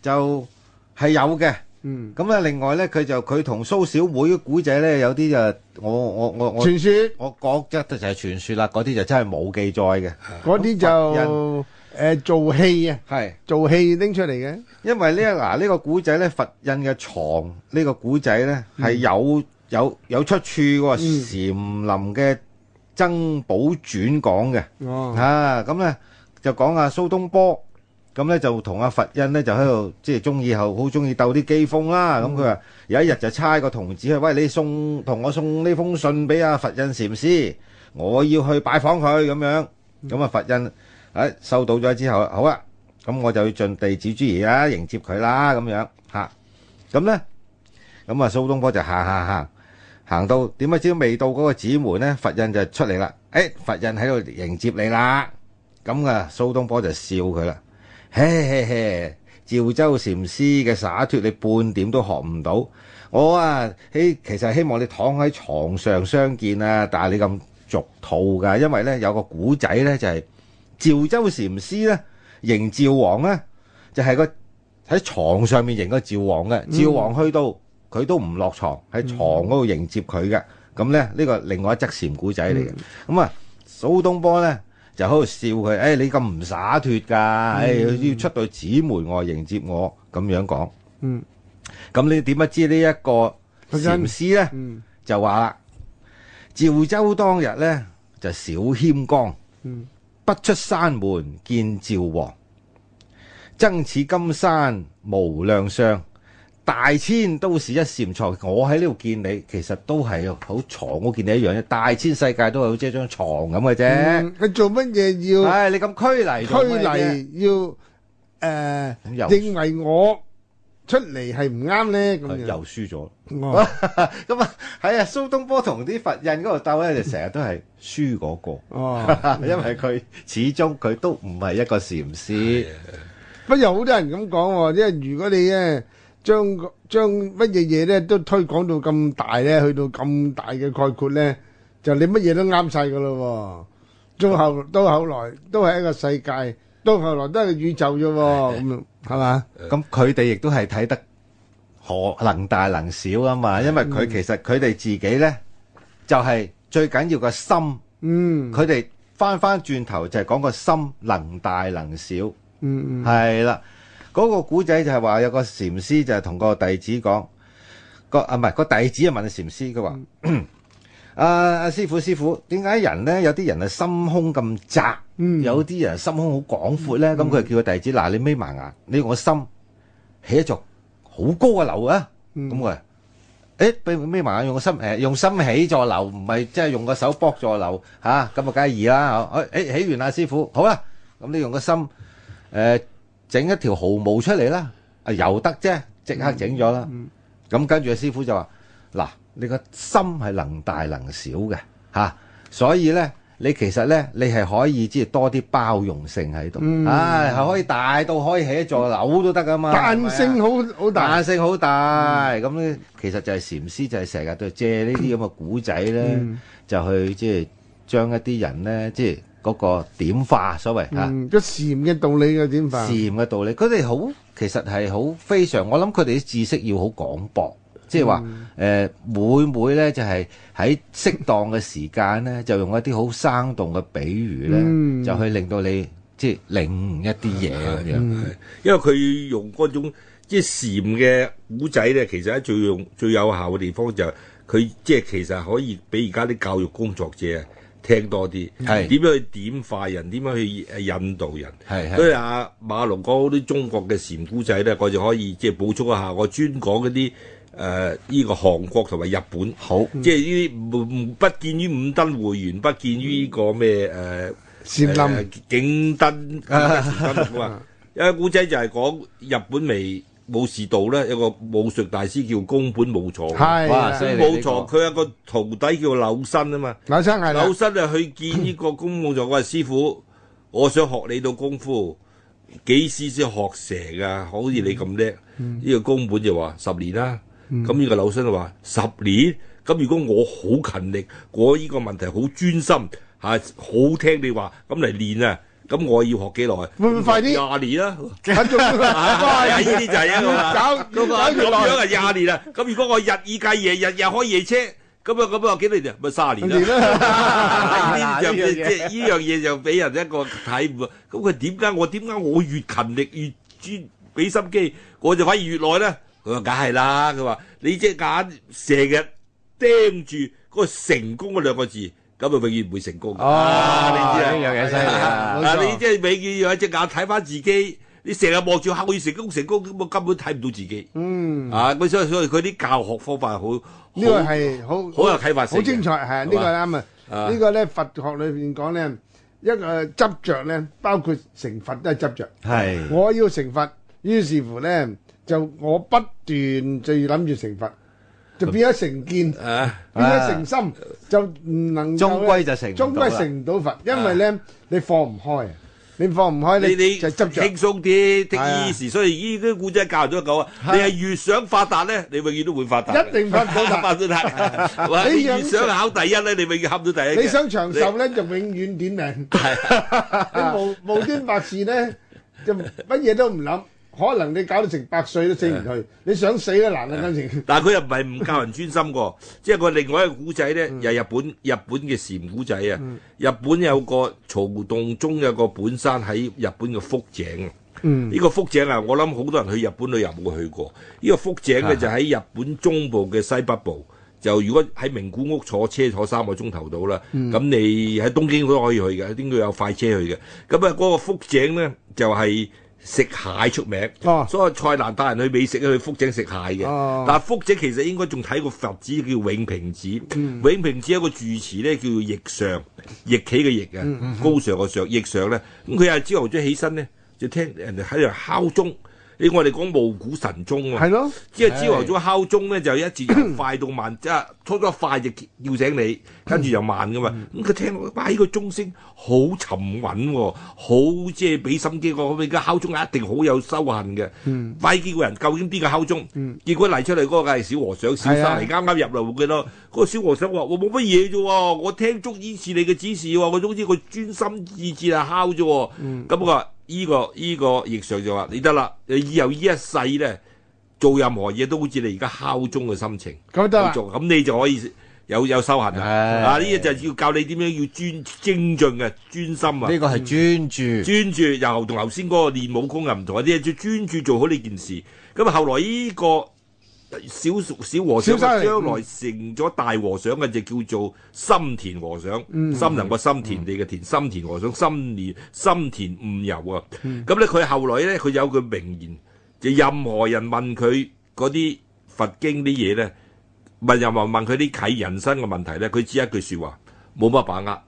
就係有嘅。嗯，咁啊，另外咧，佢就佢同蘇小妹嘅古仔咧，有啲就我我我我傳說，我覺得就就係傳說啦，嗰啲就真係冇記載嘅，嗰啲就。誒，做戲啊，係做戲拎出嚟嘅。因為呢，嗱呢個古仔咧，佛印嘅床呢個古仔咧，係有有有出處。禪林嘅僧寶傳講嘅，啊咁咧就講阿蘇東坡，咁咧就同阿佛印咧就喺度，即係中意好，好中意鬥啲機鋒啦。咁佢話有一日就差個童子去，喂，你送同我送呢封信俾阿佛印禪師，我要去拜訪佢咁樣。咁啊佛印。誒收到咗之後，好啦，咁我就要盡地主之誼啦，迎接佢啦，咁樣吓。咁咧，咁啊，蘇東坡就行行行行到點解知未到嗰個寺門咧，佛印就出嚟啦。誒，佛印喺度迎接你啦。咁啊，蘇東坡就笑佢啦。嘿嘿嘿，趙州禪師嘅灑脱你半點都學唔到。我啊希其實希望你躺喺床上相見啊，但係你咁俗套㗎，因為咧有個古仔咧就係。趙州禪師咧迎趙王咧，就係個喺牀上面迎個趙王嘅，趙王去到佢都唔落牀，喺牀嗰度迎接佢嘅。咁咧，呢個另外一則禪故仔嚟嘅。咁啊，蘇東坡咧就喺度笑佢，誒，你咁唔灑脱㗎，誒要出到去紫門外迎接我，咁樣講。嗯，咁你點不知呢一個禪師咧就話啦，趙州當日咧就少謙光嗯。不出山門見趙王，爭此金山無量相，大千都是一禪床。我喺呢度見你，其實都係好床。我見你一樣嘢，大千世界都係好似張床咁嘅啫。佢、嗯、做乜嘢要？唉、哎，你咁拘泥拘泥，要誒、呃、認為我。出嚟係唔啱咧，咁又輸咗。咁啊，係啊，蘇東坡同啲佛印嗰度鬥咧，就成日都係輸嗰個。哦，因為佢始終佢都唔係一個禪師。不過有好多人咁講，即係如果你咧將個將乜嘢嘢咧都推廣到咁大咧，去到咁大嘅概括咧，就你乜嘢都啱曬噶咯。到後到後來都係一個世界。到後來都係宇宙啫喎，咁樣係嘛？咁佢哋亦都係睇得可能大能小啊嘛，因為佢其實佢哋自己咧就係最緊要個心，嗯，佢哋翻翻轉頭就係講個心能大能小，嗯嗯，係啦。嗰個古仔就係話有個禪師就係同個弟子講，個啊唔係個弟子就問禪師，佢話。啊！阿師傅，師傅點解人咧？有啲人係心胸咁窄，有啲人心胸好廣闊咧。咁佢叫個弟子：嗱，你眯埋眼，你用個心起一座好高嘅樓啊！咁啊，誒，俾眯埋眼，用個心誒，用心起座樓，唔係即係用個手搏座樓嚇。咁啊，梗係易啦嗬。誒，起完啦，師傅，好啦，咁你用個心誒，整一條毫毛出嚟啦。誒，由得啫，即刻整咗啦。咁跟住阿師傅就話：嗱。你個心係能大能小嘅，嚇，所以咧，你其實咧，你係可以即係多啲包容性喺度，唉，係可以大到可以起一座樓都得㗎嘛。彈性好好大，彈性好大，咁咧其實就係禪師就係成日都借呢啲咁嘅古仔咧，就去即係將一啲人咧，即係嗰個點化所謂嚇，個禪嘅道理嘅點化。禪嘅道理，佢哋好，其實係好非常，我諗佢哋啲知識要好廣博。即係話誒，每每咧，就係、是、喺適當嘅時間咧，就用一啲好生動嘅比喻咧，嗯、就去令到你即係領悟一啲嘢咁樣。嗯、因為佢用嗰種即係禪嘅古仔咧，其實喺最用最有效嘅地方就係佢即係其實可以俾而家啲教育工作者聽多啲，點、嗯、樣去點化人，點樣去誒引導人。所以阿、啊、的馬龍講啲中國嘅禪古仔咧，我就可以即係補充一下，我專講嗰啲。誒，依個韓國同埋日本，好即係依啲唔唔不見於五燈會元，不見於依個咩誒？先冧景燈嘅話，有一古仔就係講日本未武士道咧，有個武術大師叫宮本武藏。係，宮本武藏佢有個徒弟叫柳生啊嘛。柳生係。柳生啊，去見依個宮本武藏話：師傅，我想學你到功夫，幾時先學成㗎？好似你咁叻。依個宮本就話：十年啦。咁呢個柳生就話十年，咁如果我好勤力，我呢個問題好專心，嚇、啊、好聽你話，咁嚟練啊，咁我要學幾耐？廿年啦，緊要啦，係呢啲就係啊，搞咁樣啊廿來年啊，咁如果我日以繼夜，日日開夜車，咁了 啊咁啊幾多年咪卅年啦。呢樣嘢就俾人一個睇唔啊，咁佢點解我點解我越勤力越專俾心機，我就反而越耐咧？佢話：梗係啦！佢話你隻眼成日盯住嗰個成功嗰兩個字，咁就永遠唔會成功。啊！你知啊，又係犀利啊！你即係永遠有一隻眼睇翻自己，你成日望住後面成功成功，根本根本睇唔到自己。嗯，啊！所以所以佢啲教學方法好，呢個係好好有啟發性好精彩，係呢個啱啊！呢個咧佛學裏邊講咧，一個執着咧，包括成佛都係執着。係，我要成佛，於是乎咧。就我不斷就要諗住成佛，就變咗成見，變咗成心，就唔能夠。終歸就成，終歸成唔到佛，因為咧你放唔開，你放唔開，你你就執住，輕鬆啲，適意時。所以呢啲古仔教咗個狗啊，你係越想發達咧，你永遠都唔會發達。一定發到頭。你越想考第一咧，你永遠冚到第一。你想長壽咧，就永遠短命。你無無端白事咧，就乜嘢都唔諗。可能你搞到成百歲都死唔去，你想死都難啦嗰陣時。但係佢又唔係唔教人專心個，即係個另外一個古仔咧，又係日本日本嘅禪古仔啊。日本有個曹洞宗有個本山喺日本嘅福井。呢個福井啊，我諗好多人去日本都又冇去過。呢個福井咧就喺日本中部嘅西北部，就如果喺名古屋坐車坐三個鐘頭到啦，咁你喺東京都可以去嘅，應該有快車去嘅。咁啊嗰個福井咧就係。食蟹出名，哦、所以蔡瀾帶人去美食去福井食蟹嘅。哦、但係福井其實應該仲睇過佛寺叫永平寺。嗯、永平寺有個住持咧叫做「奕尚」，奕棋嘅奕」，啊，嗯嗯、高尚嘅尚」尚呢。奕、嗯、尚咧，咁佢阿朝頭早起身咧，就聽人哋喺度敲鐘。你我哋講暮鼓晨鐘喎，即係朝頭早敲鐘咧，哎、就一直由快到慢，即係 初咗快就叫醒你，跟住 就慢噶嘛。咁佢 聽到哇，呢、哎這個鐘聲好沉穩喎、哦，好即係俾心機。我我而家敲鐘啊，一定好有修行嘅。嗯，快見個人究竟邊個敲鐘？嗯，結果嚟出嚟嗰個係小和尚 小沙彌，啱啱入嚟，記得嗰、那個小和尚話：我冇乜嘢啫，我聽足依次你嘅指示，我總之佢專心致志啊敲啫。嗯，咁佢。呢、這個依、這個亦常就話你得啦，你以後呢一世咧做任何嘢都好似你而家敲鐘嘅心情去做，咁得你就可以有有修行啦。哎、啊，呢嘢就要教你點樣要專精進嘅專心啊！呢個係專注，專、嗯、注又同頭先嗰個練武功又唔同，啲嘢要專注做好呢件事。咁後來呢、這個。小小和尚將來成咗大和尚嘅就叫做心田和尚，心人個心田地嘅田，心、嗯、田和尚心念心田誤有啊。咁咧佢後來咧佢有句名言，就任何人問佢嗰啲佛經啲嘢咧，問又問問佢啲啟人生嘅問題咧，佢只一句說話，冇乜把握。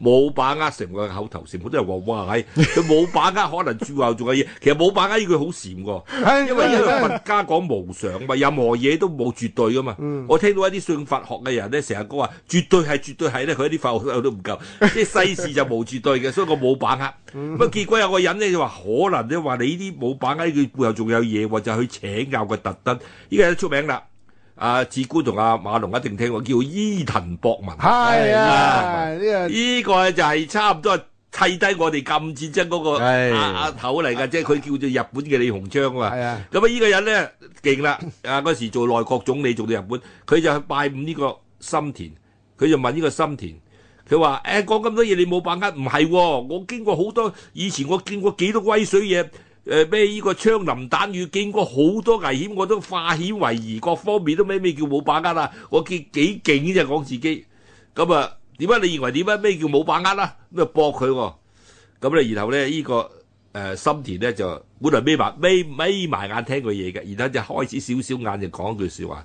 冇把握成個口頭禪，成好多人都話：哇，係佢冇把握，可能之後仲有嘢。 其實冇把握呢句好禪㗎，因為 因為佛家講無常嘛，任何嘢都冇絕對噶嘛。嗯、我聽到一啲信佛學嘅人咧，成日講話絕對係絕對係咧，佢一啲法學都唔夠，即係世事就冇絕對嘅， 所以我冇把握。咁啊、嗯，結果有個人咧就話：可能你係話你呢啲冇把握，佢背後仲有嘢，或者去請教佢特登，依家有出名啦。阿志冠同阿馬龍一定聽過，叫伊藤博文。係啊，呢個呢個就係差唔多砌低我哋禁戰爭嗰個阿、啊、阿、啊啊、頭嚟㗎，啊、即係佢叫做日本嘅李鴻章啊。咁啊，呢個人咧勁啦， 啊嗰時做內閣總理做到日本，佢就拜五呢個心田，佢就問呢個心田，佢、哎、話：誒講咁多嘢你冇把握，唔係、哦，我經過好多以前我見過幾多威水嘢。誒咩？呢、呃、個槍林彈雨，經過好多危險，我都化險為夷，各方面都咩咩叫冇把握啦、啊。我幾幾勁啫，講自己。咁、嗯、啊，點解你認為點解咩叫冇把握啦？咁啊，駁佢喎。咁、嗯、咧，然後咧，呢、這個誒、呃、心田咧就本來眯埋眯眯埋眼聽佢嘢嘅，然後就開始少少眼就講句説話。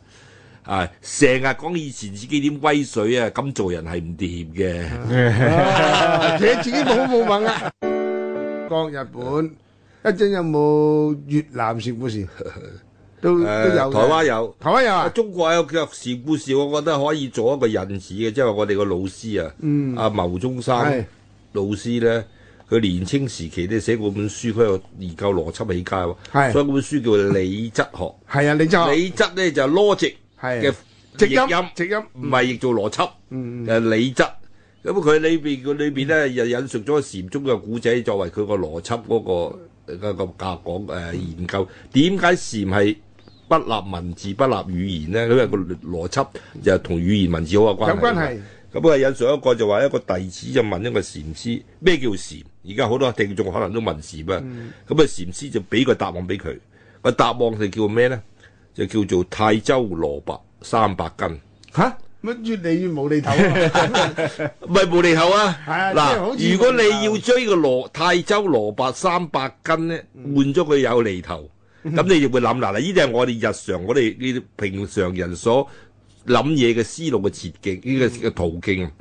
啊，成日講以前自己點威水啊，咁做人係唔掂嘅。 自己冇冇把握。講 日本。一陣有冇越南禪故事？都都有。台灣有，台灣有啊。中國有個禪故事，我覺得可以做一個引子嘅，即係話我哋個老師啊，阿牟宗三老師咧，佢年青時期咧寫過本書，佢有研究邏輯起家喎，所以本書叫理則學。係啊，理則。理則咧就 logic 嘅直音，直音唔係譯做邏輯。嗯嗯。誒理則，咁佢裏邊佢裏邊咧又引述咗禪宗嘅古仔作為佢個邏輯嗰個。一個教講，誒研究點解禪係不立文字不立語言咧？因為個邏輯就係同語言文字好有關係。有關係。咁啊引述一個就話一個弟子就問一個禪師咩叫禪？而家好多聽眾可能都問禪啊。咁啊禪師就俾個答案俾佢。個答案就叫咩咧？就叫做泰州蘿蔔三百斤。吓？乜越嚟越冇厘頭，唔係無釐頭啊！嗱，如果你要追個羅泰州蘿蔔三百斤咧，換咗佢有厘頭，咁你又會諗啦嗱，呢啲係我哋日常我哋呢啲平常人所諗嘢嘅思路嘅捷徑，呢個嘅途徑啊！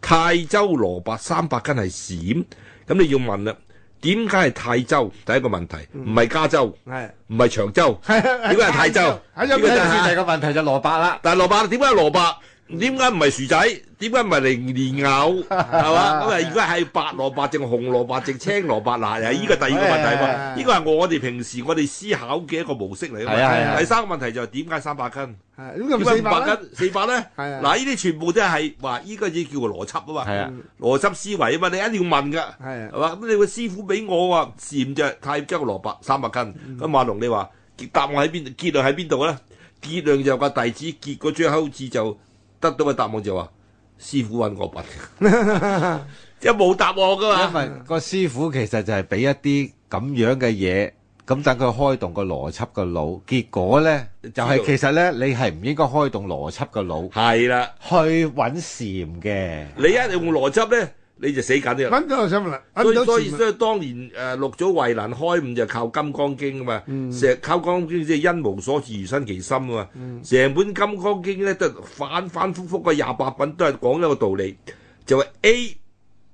泰州蘿蔔三百斤係閃，咁你要問啦，點解係泰州？第一個問題唔係加州，係唔係長洲，係呢個係泰州。第二個問題就蘿蔔啦。但係蘿蔔點解係蘿蔔？點解唔係薯仔？點解唔係零蓮藕？係嘛？ 咁啊？如果係白蘿卜、淨紅蘿卜、淨青蘿卜，嗱又呢個第二個問題嘛？呢個係我哋平時我哋思考嘅一個模式嚟 啊！啊第三個問題就係點解三百斤？點解五百斤？四百咧？嗱、 啊，呢啲全部都係話呢個嘢叫邏輯啊嘛！邏輯、 啊、思維啊嘛！你一定要問噶，係嘛、啊？咁、啊、你個師傅俾我話掂著太吉個蘿卜三百斤，咁馬龍你話答案喺邊度？結論喺邊度咧？結論就個弟子結個最後字就。得到個答案就話師傅揾我笨，即係冇答案噶嘛。個師傅其實就係俾一啲咁樣嘅嘢，咁等佢開動個邏輯個腦。結果咧，就係其實咧，你係唔應該開動邏輯個腦。係啦，去揾禪嘅。你一定用邏輯咧？你就死緊啲又想問啦。所以所以所以當年誒、呃、六祖慧能開悟就靠《金剛經》啊嘛，成、嗯、靠《嗯、金剛經》即係因無所住而生其心啊嘛，成本《金剛經》咧都反反覆覆個廿八品都係講一個道理，就係、是、A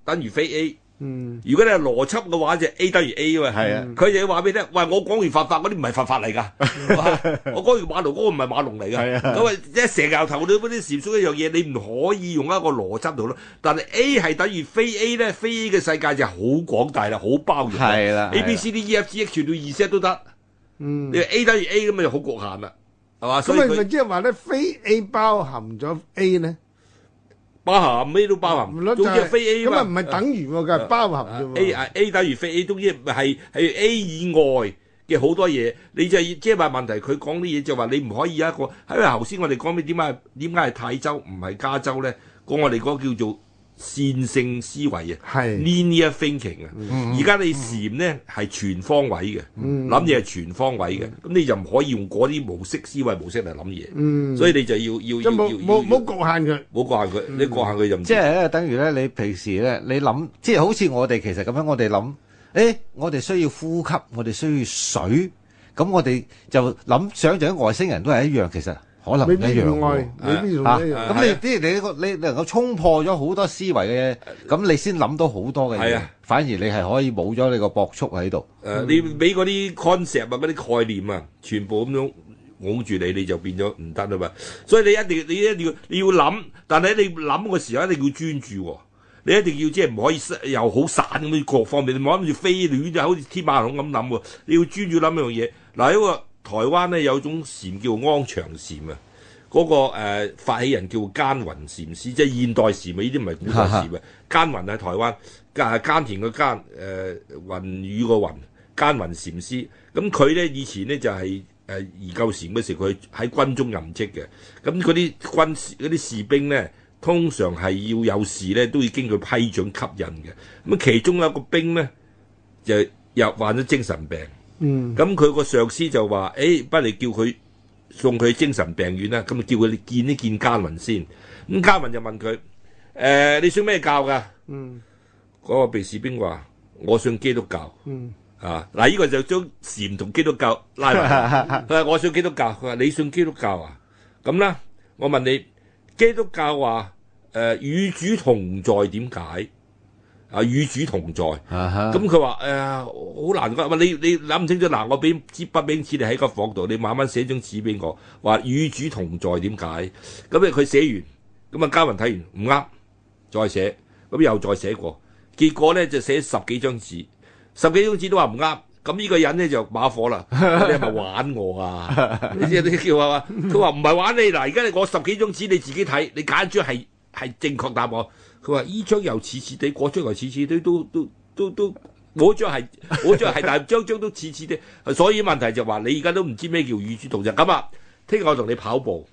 等於非 A。嗯，如果你係邏輯嘅話，就 A 等於 A 喎的，係啊，佢又要話俾你聽，喂，我講完佛法嗰啲唔係佛法嚟噶，法法 我講完馬龍嗰的個唔係馬龍嚟噶，咁啊，即係成牛頭都嗰啲傳說一樣嘢，你唔可以用一個邏輯度咯。但係 A 係等於非 A 咧，非 A 嘅世界就好廣大啦，好包容。係啦，A、B、C、e、D 的、E、F、G、H 到 Z 都得。嗯，你 A 等於 A 咁啊，就好局限啦，係嘛？咁啊，即係話咧，非 A 包含咗 A 咧。包含，咩都包含。總之非 A 咁啊唔係等於喎，梗係包含 A 啊 A, A 等於非 A，總之係係 A 以外嘅好多嘢。你就係即係話問題，佢講啲嘢就話你唔可以有一個，係因為頭先我哋講咩？點解點解係泰州唔係加州咧？個我哋講叫做。線性思維啊，係是 linear thinking 啊、嗯。而家你禪咧係全方位嘅，諗嘢係全方位嘅，咁、嗯、你就唔可以用嗰啲模式思維模式嚟諗嘢。嗯、所以你就要要就要要冇冇冇侷限佢，冇侷限佢，嗯、你侷限佢就唔。即係等於咧，你平時咧，你諗即係好似我哋其實咁樣我哋諗誒我哋需要呼吸，我哋需要水，咁我哋就諗想，想，想象外星人都係一樣其實。可能、啊、你，一樣、啊、你，嚇咁你啲你個你能夠衝破咗好多思維嘅，咁、啊、你先諗到好多嘅嘢，啊、反而你係可以冇咗你個搏速喺度。誒，你俾嗰啲 concept 啊，嗰啲、嗯、概念啊，全部咁樣攬住你，你就變咗唔得啦嘛。所以你一定你一定要你要諗，但係你諗嘅時候一定要專注喎、哦。你一定要即係唔可以散，又好散咁樣各方面，你唔好諗住飛亂就好似天馬行空咁諗喎。你要專注諗一樣嘢嗱一個。台灣咧有種禪叫安祥禪啊，嗰、嗰個誒發起人叫耕雲禪師，即係現代禪咪呢啲，唔係古代禪 啊。耕雲啊，台灣耕耕田個耕，誒雲雨個雲，耕雲禪師，咁佢咧以前咧就係誒研究禪嗰時，佢喺軍中任職嘅，咁嗰啲軍嗰啲士兵咧，通常係要有事咧都要經佢批准吸引嘅，咁其中有一個兵咧就又患咗精神病。嗯，咁佢個上司就話：誒、哎，不如叫佢送佢去精神病院啦。咁啊，叫佢你見一見嘉文先。咁嘉文就問佢：誒、呃，你信咩教噶？嗯，嗰個被士兵話：我信基督教。嗯啊，啊，嗱，呢個就將禪同基督教拉埋。佢話、 啊：我信基督教。佢話：你信基督教啊？咁啦，我問你，基督教話：誒、呃、與主同在點解？啊，與主同在，咁佢話誒，好難講，唔、啊、係你你諗唔清楚嗱，啊，我俾支筆，俾張紙你喺個房度，你慢慢寫張紙俾我，話與主同在點解？咁咧佢寫完，咁啊嘉雲睇完唔啱，再寫，咁又再寫過，結果咧就寫十幾張紙，十幾張紙都話唔啱，咁呢個人咧就馬火啦，你係咪玩我啊？ 你即係叫啊，佢話唔係玩你，嗱而家你攞十幾張紙你自己睇，你揀張係係正確答案。佢話：依張又似似地，嗰張又似似地，都都都都，嗰張係嗰張係，但係張張都似似啲。 所以問題就話你而家都唔知咩叫與主同在。咁啊，聽日我同你跑步，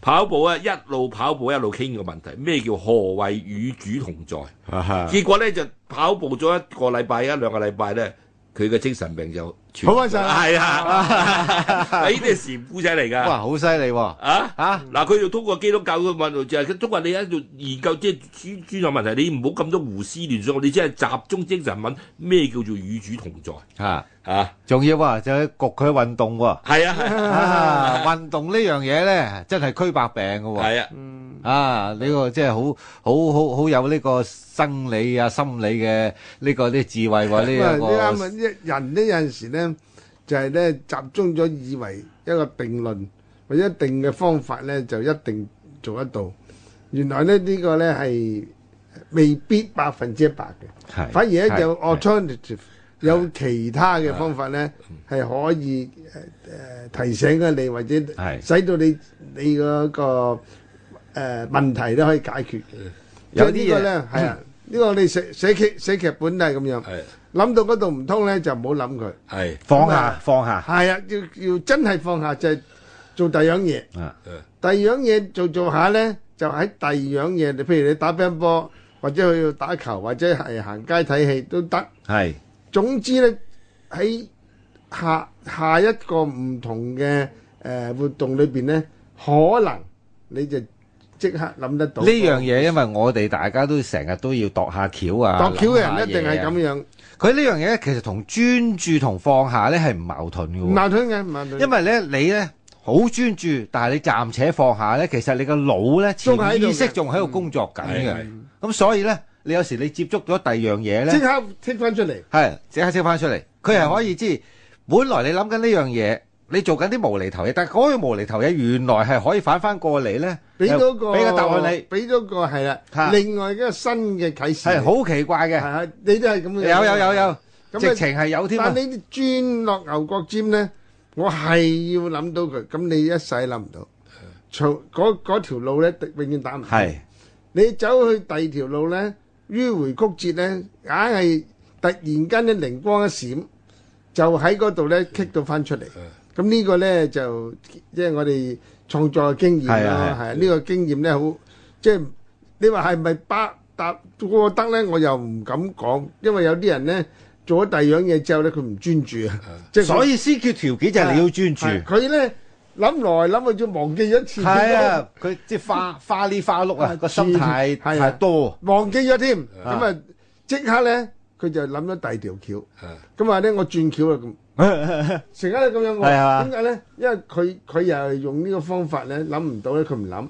跑步啊，一路跑步一路傾個問題，咩叫何為與主同在？ 結果咧就跑步咗一個禮拜啊，兩個禮拜咧，佢嘅精神病就～好鬼神係啊！呢啲係禪故事嚟㗎。哇！好犀利喎！啊啊！嗱，佢要通過基督教嘅運動，就係佢都話你喺度研究即係專專問問題，你唔好咁多胡思亂想，你只係集中精神問咩叫做與主同在。嚇嚇，仲要啊！就喺各區運動喎。係啊！運動呢樣嘢咧，真係驅百病㗎喎。係啊！啊！呢個真係好好好好有呢個生理啊心理嘅呢個啲智慧喎。呢個啲啱啱人呢有陣時咧。就係咧，集中咗以為一個定論或者一定嘅方法咧，就一定做得到。原來咧，呢個咧係未必百分之一百嘅。反而咧有 alternative，有其他嘅方法咧係可以誒誒提醒咗你，或者使到你你嗰個誒問題都可以解決。有啲嘢係啊，呢個你寫寫劇寫劇本都係咁樣。諗到嗰度唔通咧，就唔好諗佢，係放下放下。係啊，要要真係放下就係做第二樣嘢。第二樣嘢做做下咧，就喺第二樣嘢，你譬如你打乒乓波，或者去打球，或者係行街睇戲都得。係，總之咧喺下下一個唔同嘅誒活動裏邊咧，可能你就即刻諗得到呢樣嘢，因為我哋大家都成日都要度下橋啊，度橋嘅人一定係咁樣。佢呢樣嘢咧，其實同專注同放下咧係唔矛盾嘅。唔矛盾嘅，唔矛盾。因為咧，你咧好專注，但係你暫且放下咧，其實你個腦咧潛意識仲喺度工作緊嘅。咁所以咧，你有時你接觸咗第二樣嘢咧，即刻剔翻出嚟。係、嗯，即刻剔翻出嚟。佢係可以知，本來你諗緊呢樣嘢。嗯嗯你做緊啲無厘頭嘢，但嗰個無厘頭嘢原來係可以反翻過嚟咧，俾咗個俾個答案你，俾咗個係啦。另外一個新嘅啟示係好奇怪嘅，你都係咁嘅嘢。有有有有，直情係有添。但呢啲鑽落牛角尖咧，我係要諗到佢。咁你一世諗唔到，從嗰嗰條路咧永遠打唔開。係你走去第二條路咧，迂迴曲折咧，硬係突然間咧靈光一閃，就喺嗰度咧棘到翻出嚟。咁呢個咧就即係我哋創作嘅經驗咯，係呢個經驗咧好，即係你話係咪百搭過得咧？我又唔敢講，因為有啲人咧做咗第二樣嘢之後咧，佢唔專注啊，即係所以先決條件就係你要專注。佢咧諗來諗去，就忘記咗一次。係啊，佢即係花花哩花碌啊，個心態係多。忘記咗添，咁啊即刻咧佢就諗咗第二條橋。咁話咧我轉橋啊咁。成日都咁樣，我點解咧？因為佢佢又係用呢個方法咧，諗唔到咧，佢唔諗，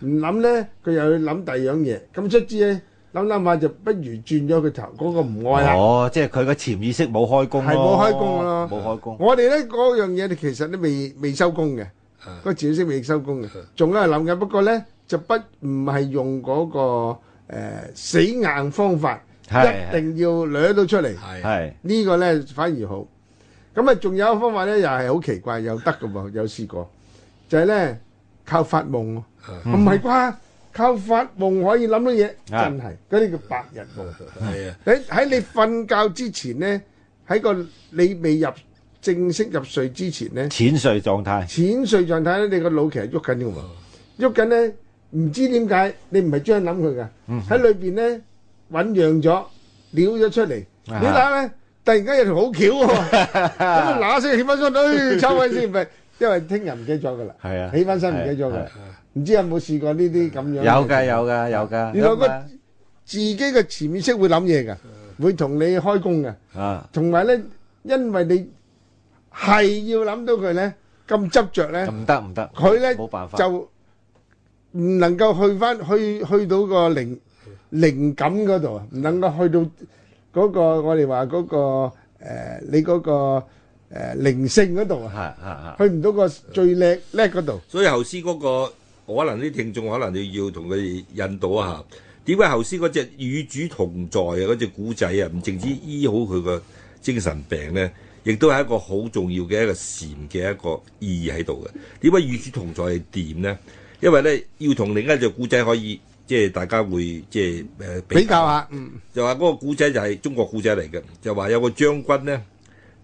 唔諗咧，佢又去諗第二樣嘢。咁出之咧，諗諗下，就不如轉咗佢頭嗰個唔愛啦。哦，即係佢個潛意識冇開工，係冇開工咯，冇開工。我哋咧嗰樣嘢，你其實都未未收工嘅，個潛意識未收工嘅，仲喺度諗緊。不過咧就不唔係用嗰個誒死硬方法，一定要掠到出嚟。係呢個咧反而好。咁啊，仲有一方法咧，又係好奇怪又得嘅喎，有試過，就係、是、咧靠發夢，唔係啩？靠發夢可以諗到嘢，真係嗰啲叫白日夢。係啊的，喺喺你瞓覺之前咧，喺個你未入正式入睡之前咧，淺睡狀態。淺睡狀態咧，你個腦其實喐緊嘅喎，喐緊咧唔知點解，你唔係專心諗佢嘅，喺裏邊咧醞釀咗料咗出嚟，嗯、哼你睇咧。突然間有條好橋喎，咁啊嗱聲起翻身，哎抽翻先，唔係因為聽日唔記得咗噶啦，起翻身唔記得咗㗎，唔知有冇試過呢啲咁樣？有㗎有㗎有㗎。原來佢自己嘅潛意識會諗嘢㗎，會同你開工嘅。啊，同埋咧，因為你係要諗到佢咧，咁執著咧，唔得唔得，佢咧冇辦法就唔能夠去翻去去到個靈靈感嗰度，唔能夠去到。嗰個我哋話嗰個、呃、你嗰、嗰個誒、呃、靈性嗰度啊，係係， 去唔到個最叻叻嗰度。 所以頭先嗰個可能啲聽眾可能要要同佢引導一下。點解頭先嗰隻與主同在啊嗰隻古仔啊，唔淨止醫好佢個精神病咧，亦都係一個好重要嘅一個禪嘅一個意義喺度嘅。點解與主同在係點咧？因為咧要同另一隻古仔可以。即係大家會即係誒比較，比較下，嗯，就話嗰個古仔就係中國古仔嚟嘅，就話有個將軍咧，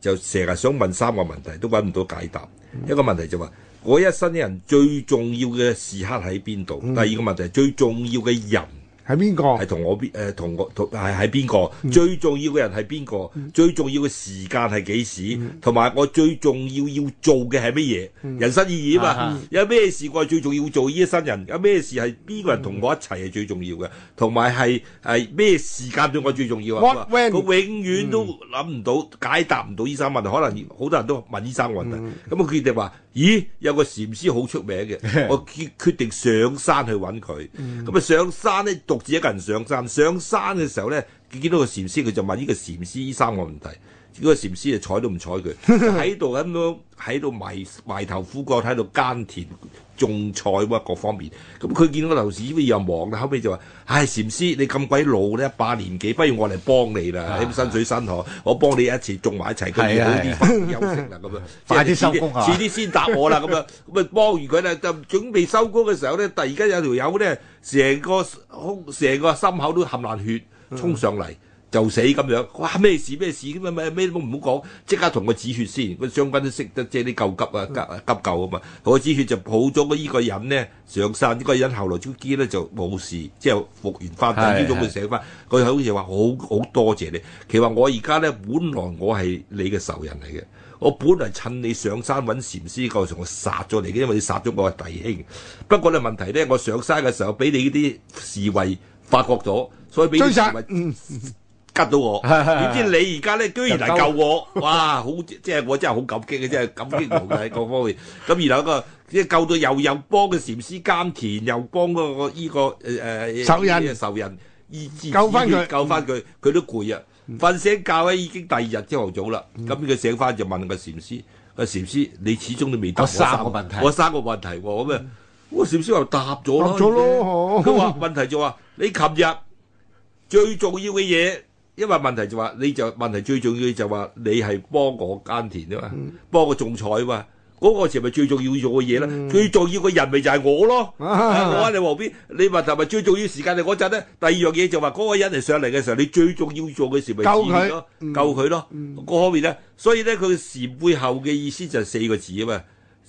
就成日想問三個問題，都揾唔到解答。嗯、一個問題就話、是、我一生人最重要嘅時刻喺邊度？嗯、第二個問題係最重要嘅人。係邊個？係同我邊？誒，同我同係喺邊個？最重要嘅人係邊個？最重要嘅時間係幾時？同埋我最重要要做嘅係乜嘢？人生意義啊嘛！有咩事我係最重要做呢一生人？有咩事係邊個人同我一齊係最重要嘅？同埋係誒咩時間對我最重要啊？佢永遠都諗唔到解答唔到依三問題，可能好多人都問依三問題。咁啊，佢哋話咦有個禪師好出名嘅，我決決定上山去揾佢。咁啊，上山咧。獨自一個人上山，上山嘅時候咧，見到個禪師，佢就問呢個禪師三個問題，結果個禪師就睬都唔睬佢，喺度喺度噉樣喺度埋埋頭苦幹，喺度耕田。種菜喎，各方面咁佢見到樓市呢樣忙啦，後尾就話，唉，禪師你咁鬼老咧，一把年紀，不如我嚟幫你啦，喺是是 身水身河，我幫你一次種埋一齊，咁樣好啲，快是休息啦，咁樣快啲收工啊！遲啲先答我啦，咁樣咁咪幫完佢啦。就準備收工嘅時候咧，突然間有條友咧，成個，個胸、成個心口都含爛血衝上嚟。嗯就死咁樣，哇，咩事咩事咁啊？咩都唔好講，即刻同我止血先。個將軍都識得借啲救急啊，急急救啊嘛。同我止血，就抱咗個呢個人呢，上山。呢、呢個人後來朝機呢就冇事，之後復原翻。第二朝佢醒翻，佢是是 好似話好好多謝你。佢話我而家呢，本來我係你嘅仇人嚟嘅。我本嚟趁你上山揾禪師嗰時候殺咗你嘅，因為你殺咗我嘅弟兄。不過呢問題呢，我上山嘅時候俾你啲侍衛發覺咗，所以俾追殺。嗯 吉到我，點知你而家咧居然嚟救我？哇！好即係我真係好感激嘅，即係感激唔同喺各方面。咁然另一個即係救到又又幫個禪師耕田，又幫嗰、這個依個誒誒仇人嘅仇人，仇人救翻佢，救翻佢，佢、嗯、都攰啊！瞓、嗯、醒覺咧已經第二日朝頭早啦。咁佢、嗯、醒翻就問個禪師：，個禪師你始終都未答我,我三個問題，我三個問題喎。咁啊、嗯，個禪師話答咗咯，答咗咯，佢話問題就話、是、你琴日最重要嘅嘢。因為問題就話、是，你就問題最重要就話，你係幫我耕田啊嘛，幫、嗯、我種菜嘛，嗰、那個時咪最重要做嘅嘢咧，嗯、最重要嘅人咪就係我咯，我話你何必，你話係咪最重要時間係嗰陣咧？第二樣嘢就話、是、嗰、那個人嚟上嚟嘅時候，你最重要做嘅事咪救佢、嗯、咯，救佢咯，各、嗯、方面咧，所以咧佢事背後嘅意思就係四個字啊嘛。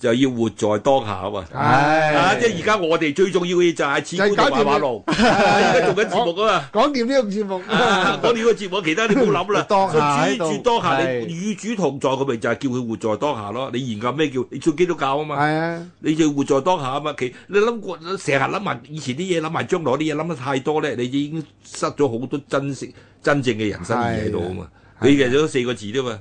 就要活在當下啊嘛，哎、啊即係而家我哋最重要嘅嘢就係黐住條馬路，依、哎、做緊節目啊嘛，講掂呢、啊、個節目，講呢個節目，其他你冇諗啦。 當下喺住以當下，你與主同在，佢咪就係叫佢活在當下咯。你研究咩叫？你做基督教啊嘛，啊你就要活在當下啊嘛。其你諗過，成日諗埋以前啲嘢，諗埋將來啲嘢，諗得太多咧，你已經失咗好多真實真正嘅人生嘅嘢咯嘛。佢其實都四個字啫嘛，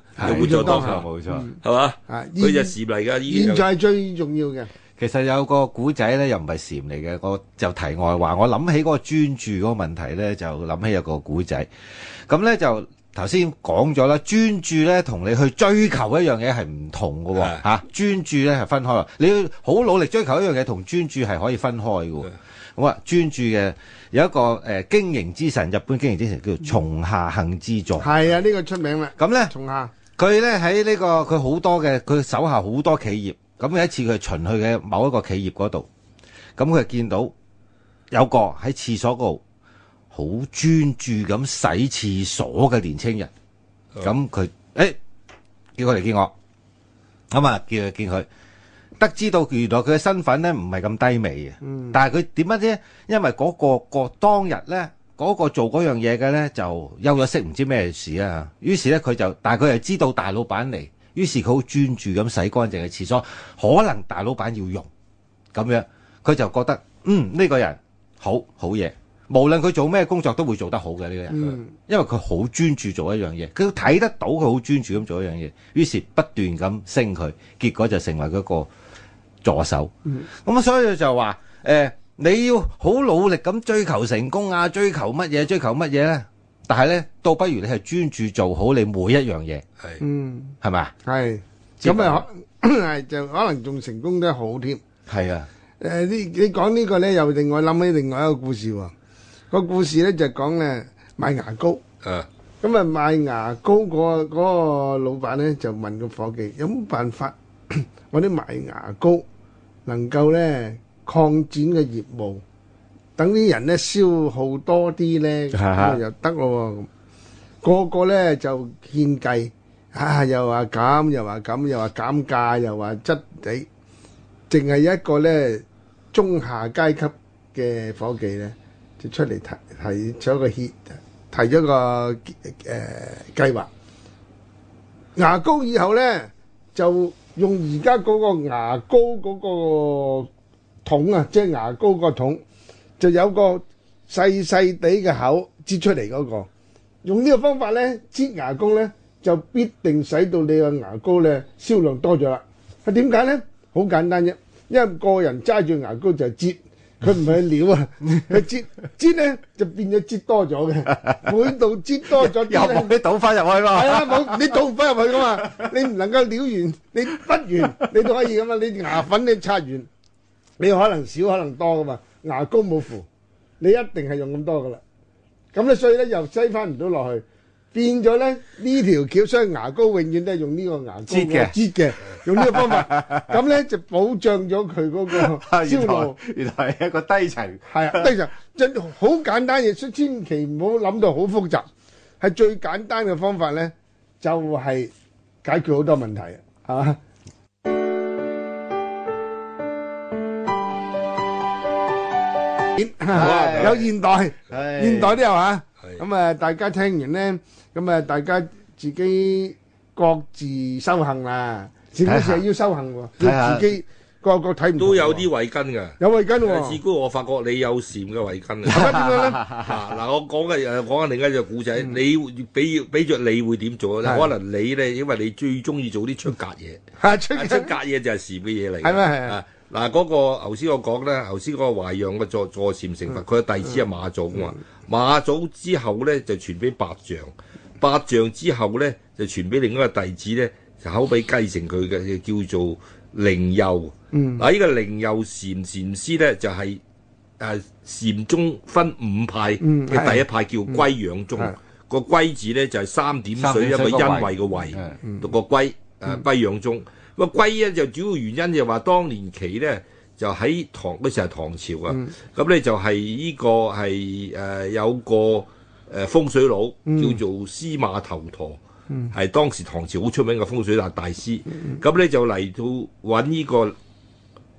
做當下冇錯，係嘛？佢就禪嚟㗎，現在最重要嘅。其實有個古仔咧，又唔係禪嚟嘅。我就題外話，我諗起嗰個專注嗰個問題咧，就諗起有個古仔。咁咧就頭先講咗啦，專注咧同你去追求一樣嘢係唔同嘅喎嚇。專注咧係分開，你要好努力追求一樣嘢，同專注係可以分開嘅。好啊！專注嘅有一個誒、呃、經營之神，日本經營之神叫做松下幸之助。係啊，呢、呢個出名啦。咁咧，松下佢咧喺呢、呢個佢好多嘅佢手下好多企業。咁有一次佢巡去嘅某一個企業嗰度，咁佢見到有個喺廁所嗰度好專注咁洗廁所嘅年青人。咁佢誒，叫佢嚟見我，咁啊叫佢見佢。得知道原來佢嘅身份咧唔係咁低微嘅，嗯、但係佢點解啫？因為嗰、嗰個個當日咧，嗰、嗰個做嗰樣嘢嘅咧就休咗息，唔知咩事啊。於是咧佢就，但係佢又知道大老闆嚟，於是佢好專注咁洗乾淨嘅廁所，可能大老闆要用咁樣，佢就覺得嗯呢、呢個人好好嘢，無論佢做咩工作都會做得好嘅呢、呢個人，嗯、因為佢好專注做一樣嘢，佢睇得到佢好專注咁做一樣嘢，於是不斷咁升佢，結果就成為嗰個。助手，咁啊，所以就話誒，你要好努力咁追求成功啊，追求乜嘢？追求乜嘢咧？但係咧，倒不如你係專注做好你每一樣嘢。係，嗯，係咪啊？係，咁啊，係就可能仲成功得好添。係啊，誒，呢你講呢個咧，又另外諗起另外一個故事喎。個故事咧就講咧賣牙膏。啊，咁啊賣牙膏嗰個嗰個老闆咧就問個伙計有冇辦法揾啲賣牙膏？能夠呢，擴展嘅業務，等啲人呢，消耗多啲呢，又得咯喎。個個呢，就， 用而家嗰個牙膏嗰個桶啊，即係牙膏個桶，就有個細細地嘅口擠出嚟嗰個。用呢個方法咧，擠牙膏咧就必定使到你個牙膏咧銷量多咗啦。係點解咧？好簡單啫，因為個人揸住牙膏就係擠。佢唔係料啊，佢煎， 煎咧就變咗擠多咗嘅，每度擠多咗， 呢又唔俾倒翻入去嘛？係 啊，冇你倒唔翻入去噶嘛，你唔能夠料完，你筆完你都可以噶嘛，你牙粉你刷完，你可能少可能多噶嘛，牙膏冇符，你一定係用咁多噶啦，咁咧所以咧又擠翻唔到落去，變咗咧，呢條橋，所以牙膏永遠都係用呢個牙膏，折嘅，折嘅，用呢個方法，咁咧就保障咗佢嗰個消毒。原來原來係一個低層，係啊，低層即係好簡單嘢，千千祈唔好諗到好複雜，係最簡單嘅方法咧，就係解決好多問題，係嘛？有現代，現代都有嚇，咁啊，大家聽完咧。咁啊！大家自己各自修行啦。自己成日要修行要自己各個個睇唔到。都有啲慧根噶，有慧根喎。似乎我發覺你有禪嘅慧根啊！嗱、呃，我、呃、講嘅誒講緊另一隻古仔，嗯、你比比著你會點做啊？嗯、可能你咧，因為你最中意做啲出格嘢，啊。出格嘢就係禪嘅嘢嚟。係咪係？嗱，嗰、啊那個頭先我講咧，頭先個懷讓嘅坐坐禪成佛，佢嘅、嗯、弟子係馬祖啊嘛。嗯、馬祖之後咧就傳俾百丈。八丈之後咧，就傳俾另一個弟子咧，就口俾繼承佢嘅叫做靈佑。嗱，呢個靈佑禪禪師咧，就係誒禪宗分五派嘅第一派叫溈仰宗。個溈字咧就係三點水一個因為嘅為，讀個溈誒溈仰宗。咁啊溈咧就主要原因就話當年期咧就喺唐，乜事係唐朝啊？咁咧就係呢個係誒有個。誒風水佬叫做司馬頭陀，係、嗯啊、當時唐朝好出名嘅風水大，大師。咁咧、嗯嗯、就嚟到揾呢個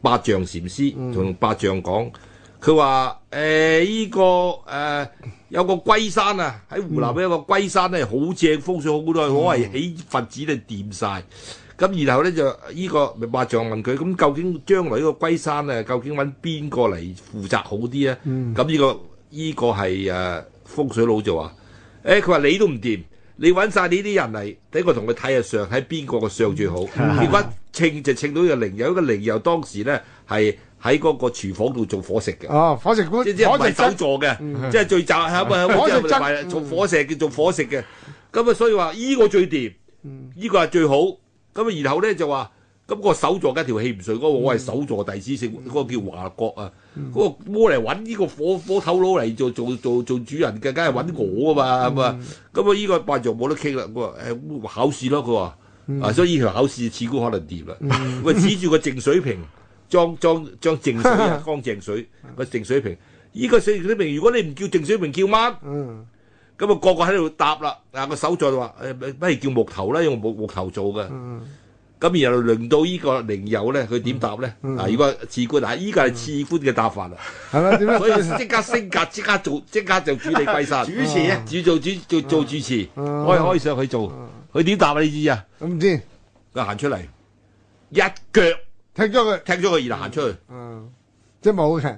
百丈禪師同、嗯、百丈講，佢話誒呢個誒、呃、有個龜山啊，喺湖南有個龜山咧好正風水，好耐好係起佛寺都掂晒。嗯，咁然後咧就呢、這個百丈問佢，咁究竟將來呢個龜山咧、啊，究竟揾邊個嚟負責好啲咧？咁呢、嗯嗯這個呢、這個係誒。風水佬就話：，誒、欸，佢話你都唔掂，你揾晒呢啲人嚟，等我同佢睇下相，喺邊個嘅相最好。嗯、結果稱、嗯、就稱到一個靈，有一個靈又當時咧係喺嗰個廚房度做伙食嘅。哦、啊，火食館，食即係唔係手座嘅，嗯、即係最雜喺喺屋做火食叫做伙食嘅。咁啊、嗯，所以話呢、這個最掂，呢個係最好。咁啊、嗯，然後咧就話，咁、那個手座一條氣唔順嗰個，我係手座弟子性，嗰、那個叫華國啊。嗰個摸嚟揾呢個火火頭佬嚟做做做做主人嘅，梗係揾我啊嘛咁啊！咁啊、嗯、依、這個八象冇得傾啦。佢話誒考試咯，佢話、嗯、啊，所以呢條考試似乎可能掂啦。佢、嗯、 指住個淨水瓶，裝裝裝淨水，乾淨水個淨水瓶。呢、這個水水瓶，如果你唔叫淨水瓶，叫乜、嗯？咁啊，個個喺度答啦。嗱個手再話誒，不如叫木頭啦，用木木頭做嘅。嗯咁然後輪到個靈呢個靈友咧，佢點答咧？嗱、嗯啊，如果係次官，係、啊、依、這個係次官嘅答法啦，係、嗯、 所以即刻升格，即刻做，即刻就主理貴晒。 主持啊，啊主做主做做主持，可以可以、啊啊、上去做，佢點、啊、答、啊、你知啊？唔知，佢行出嚟一腳踢咗佢，踢咗佢然後行出去，出去，出去嗯，嗯，即冇嘅。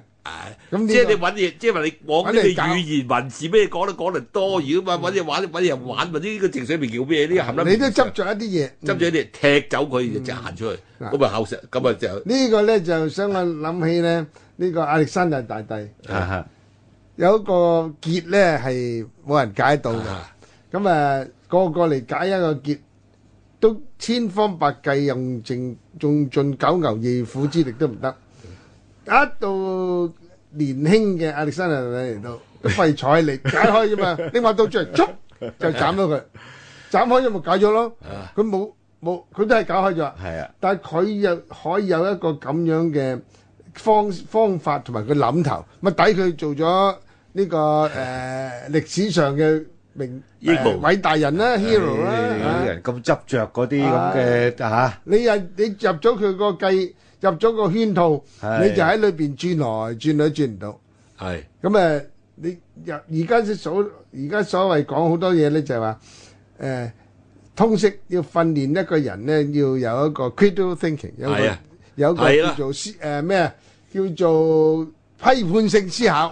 咁即係你揾嘢，即係話你講呢個語言文字，咩講得講得多，如果唔係揾嘢玩，揾嘢玩，唔知呢個情緒面叫咩呢？含得你都執住一啲嘢，執住一啲，踢走佢，就行出去。咁啊後實，咁啊就呢個咧，就想我諗起咧，呢個亞歷山大大帝，有一個結咧係冇人解到嘅。咁啊，個個嚟解一個結，都千方百計用盡用盡九牛二虎之力都唔得。一到，年輕嘅，亞歷山大，嚟到，費彩力，搞開㗎嘛，你話到最後，捉，就斬咗佢，斬開咗咪搞咗咯，佢冇，冇，佢都係搞開咗，係呀，但佢又，可以有一個咁樣嘅，方，方法，同埋佢諗頭，咪抵佢做咗，呢個，呃，歷史上嘅，名，偉大人啦， 打開而已, 拿刀出來, hero, 啦。入咗個圈套，你就喺裏邊轉來轉去轉唔到。係咁誒，你而家所而家所謂講好多嘢咧，就係話誒通識要訓練一個人咧，要有一個 critical thinking，有個有個叫做思誒咩叫做批判性思考。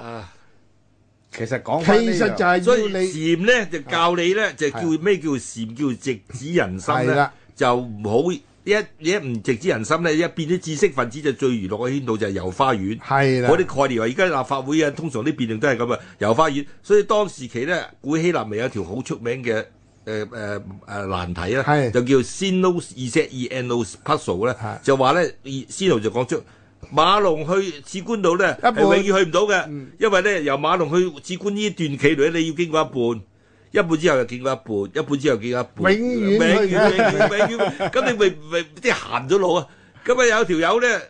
其實講其實就係要你禪咧，就教你咧，就叫咩叫禪？叫直指人心咧，就唔好。一一唔直指人心咧，一變啲知識分子就最娛樂嘅圈道，就係遊花園。係啦的，啲概念話而家立法會啊，通常啲辯論都係咁啊，遊花園。所以當時期咧，古希臘咪有一條好出名嘅誒誒誒難題啦，的就叫 Sinosetianos puzzle 咧的，就話咧，斯諾就講出馬龍去恲官度咧係永遠去唔到嘅，嗯、因為咧由馬龍去恲官呢段距離，你要經過一半。一半之後又見過一半，一半之後見過一半，永遠永遠永遠永遠。咁你咪咪即係行咗路啊？咁啊有條友咧，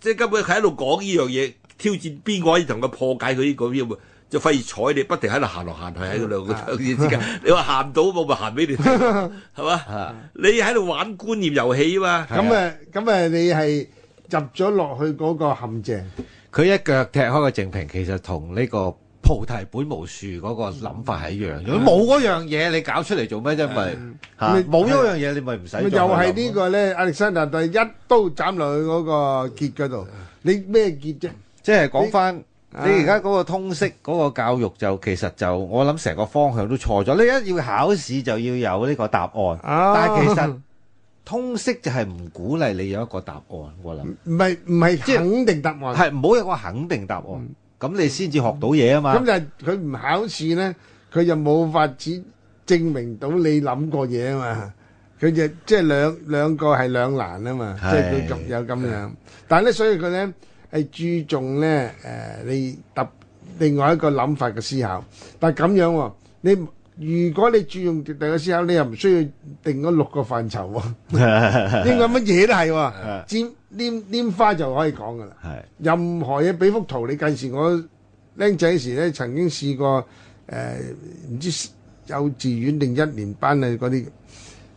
即係根本係喺度講依樣嘢，挑戰邊個可以同佢破解佢呢個謎啊？就費事睬你不停喺度行落行去喺兩個嘢之間。你話行唔到，我咪行俾你。係嘛？你喺度玩觀念遊戲啊嘛？咁啊咁啊，你係入咗落去嗰個陷阱。佢一腳踢開個淨瓶，其實同呢個。菩提本無樹嗰個諗法係一樣，如果冇嗰樣嘢，你搞出嚟做咩啫？咪吓冇咗樣嘢，你咪唔使。又係呢個咧，亞歷山大帝一刀斬落去嗰個結嗰度。你咩結啫？即係講翻，你而家嗰個通識嗰個教育就其實就我諗成個方向都錯咗。你一要考試就要有呢個答案，但係其實通識就係唔鼓勵你有一個答案。我諗唔係唔係，即係肯定答案係唔好有個肯定答案。咁你先至學到嘢啊嘛！咁就係佢唔考試咧，佢就冇法子證明到你諗過嘢啊嘛！佢就即係兩兩個係兩難啊嘛！即係佢咁有咁樣。但係咧，所以佢咧係注重咧誒，你揼另外一個諗法嘅思考。但係咁樣喎，你。如果你注重特定嘅思考，你又唔需要定嗰六個範疇喎，應該乜嘢都係喎，粘粘粘花就可以講噶啦。係任何嘢俾幅圖，你近時。我僆仔時咧曾經試過，誒唔知幼稚園定一年班啊嗰啲，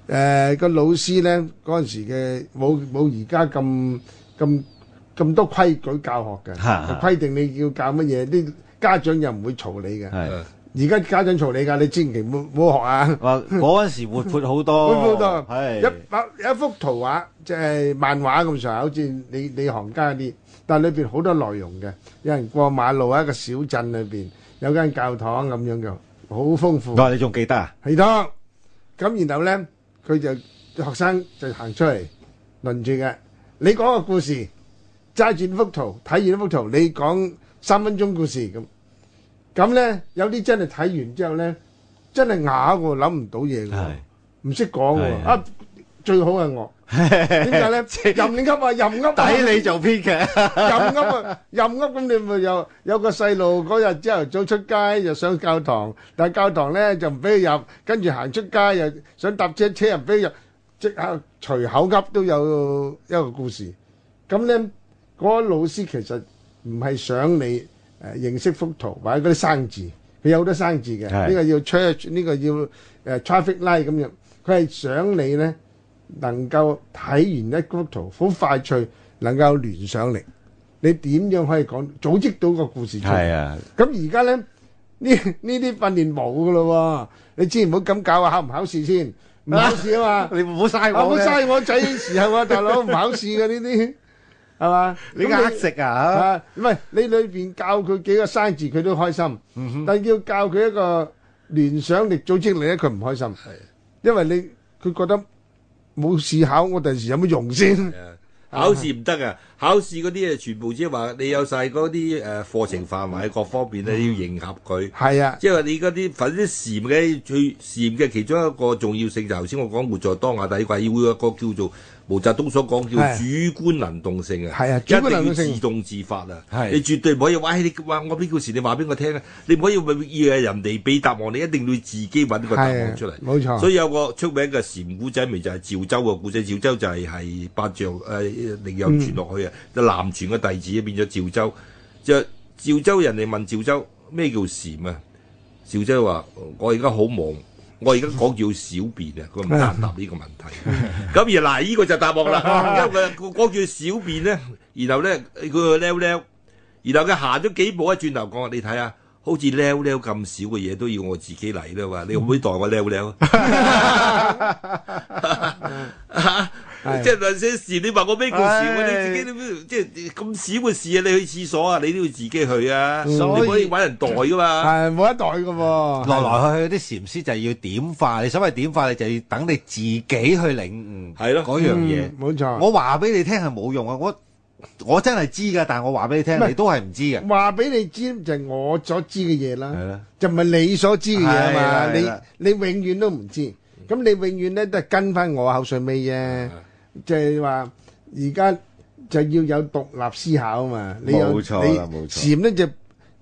誒個老師咧嗰陣時嘅冇冇而家咁咁咁多規矩教學嘅，規定你要教乜嘢，啲家長又唔會嘈你嘅。而家家長嘈你㗎，你千祈唔好唔好學啊！哇，嗰陣時活潑好多，係一一幅圖畫，即係漫畫咁上下，好似你你行家啲，但係裏邊好多內容嘅，有人過馬路喺一個小鎮裏邊，有間教堂咁樣嘅，好豐富。哦，你仲記得啊？係咯，咁然後咧，佢就學生就行出嚟，輪住嘅，你講個故事，揸住幅圖，睇完一幅圖，你講三分鐘故事咁。咁咧，有啲真係睇完之後咧，真係啞喎，諗唔到嘢嘅，唔識講喎。啊，最好係我，點解咧？任你噏啊，任噏，睇你做編劇，任噏啊，任噏，咁你咪又有個細路嗰日朝頭早出街，又上教堂，但係教堂咧就唔俾佢入，跟住行出街又想搭車，車唔俾佢入，即刻隨口噏都有一個故事。咁咧，嗰老師其實唔係想你。誒認識幅圖或者嗰啲生字，佢有好多生字嘅。呢個要 church，呢個要誒 traffic light 咁樣，佢係想你咧能夠睇完一幅圖，好快脆能夠聯想嚟。你點樣可以講組織到個故事出嚟？係啊，咁而家咧呢呢啲訓練冇㗎咯喎！你之前唔好咁搞啊，考唔考試先？唔考試啊嘛，你唔好嘥我。我唔嘥我仔時候啊，大佬唔考試嘅呢啲。係嘛？你乞食啊？吓，唔係你裏邊教佢幾個生字，佢都開心。但係要教佢一個聯想力、組織力咧，佢唔開心。係，因為你佢覺得冇試考，我第時有乜用先？考試唔得噶，考試嗰啲誒，全部即係話你有晒嗰啲誒課程範圍各方面咧，要迎合佢。係啊，即係話你嗰啲粉啲禪嘅最禪嘅其中一個重要性，就頭先我講活在當下，第二季會有個叫做。毛澤東所講叫主觀能動性啊，一定要自動自發啊，啊你絕對唔可以，喂、哎，你話我邊件事，你話俾我聽啊，你唔可以咪要人哋俾答案，你一定要自己搵個答案出嚟。冇錯、啊，所以有個出名嘅禪古仔咪就係、是、趙州嘅古仔，趙州就係係百丈誒，另有傳落去啊，就南泉嘅弟子變咗趙州，就趙州人哋問趙州咩叫禪啊？趙州話我而家好忙。 我而家講叫小便啊，佢唔答答呢個問題。咁 而嗱，依、這個就答錯啦，因為講講住小便咧，然後咧佢個撩撩，然後佢行咗幾步，一轉頭講，你睇下，好似撩撩咁少嘅嘢都要我自己嚟啦嘛，你會代我撩撩？ 即係那些事，你話我咩故事？你自己都即係咁小嘅事啊！你去廁所啊，你都要自己去啊，唔可以搵人代噶嘛。係冇得代噶。來來去去啲禪師就係要點化，你所謂點化，你就要等你自己去領悟係咯，嗰樣嘢。冇錯。我話俾你聽係冇用啊，我我真係知噶，但係我話俾你聽，你都係唔知嘅。話俾你知就係我所知嘅嘢啦，就唔係你所知嘅嘢嘛。你你永遠都唔知，咁你永遠咧都係跟翻我後順尾啫。就係話，而家就要有獨立思考嘛。你有冇錯？禪咧就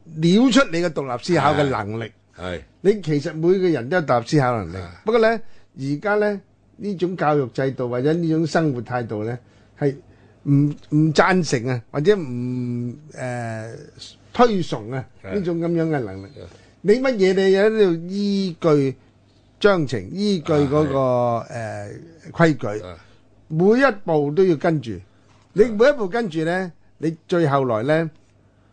撩出你嘅獨立思考嘅能力。係你其實每個人都有獨立思考能力，不過咧，而家咧呢種教育制度或者呢種生活態度咧，係唔唔贊成啊，或者唔誒推崇啊呢種咁樣嘅能力。你乜嘢你都要依據章程，依據嗰個誒規矩。每一步都要跟住，你每一步跟住咧，你最後來咧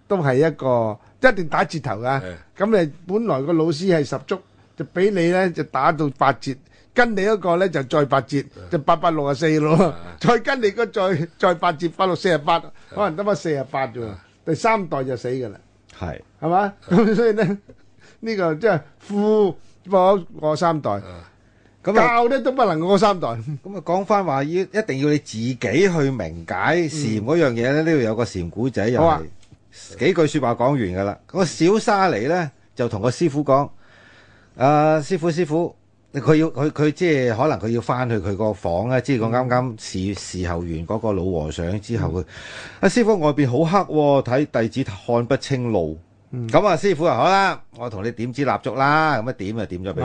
都係一個一定打折頭㗎。咁你本來個老師係十足，就俾你咧就打到八折，跟你嗰個咧就再八折，就八八六十四咯。再跟你個再再八折，八六四十八，可能得返四十八啫。第三代就死㗎啦是，係係嘛？咁所以咧呢個即係富過三代。是的 嗯咁教咧都不能過三代。咁啊，講翻話要一定要你自己去明解禪嗰樣嘢咧。呢度、嗯、有個禪故仔又係幾句說話講完噶啦。嗰個小沙彌咧就同個師傅講，誒、啊，師傅師傅，佢要佢佢即係可能佢要翻去佢個房咧。即係講啱啱伺候完嗰個老和尚之後，阿、嗯、師傅外邊好黑，哦，睇弟子看不清路。咁、嗯、啊，師傅啊好啦，我同你點支蠟燭啦。咁一點就點咗俾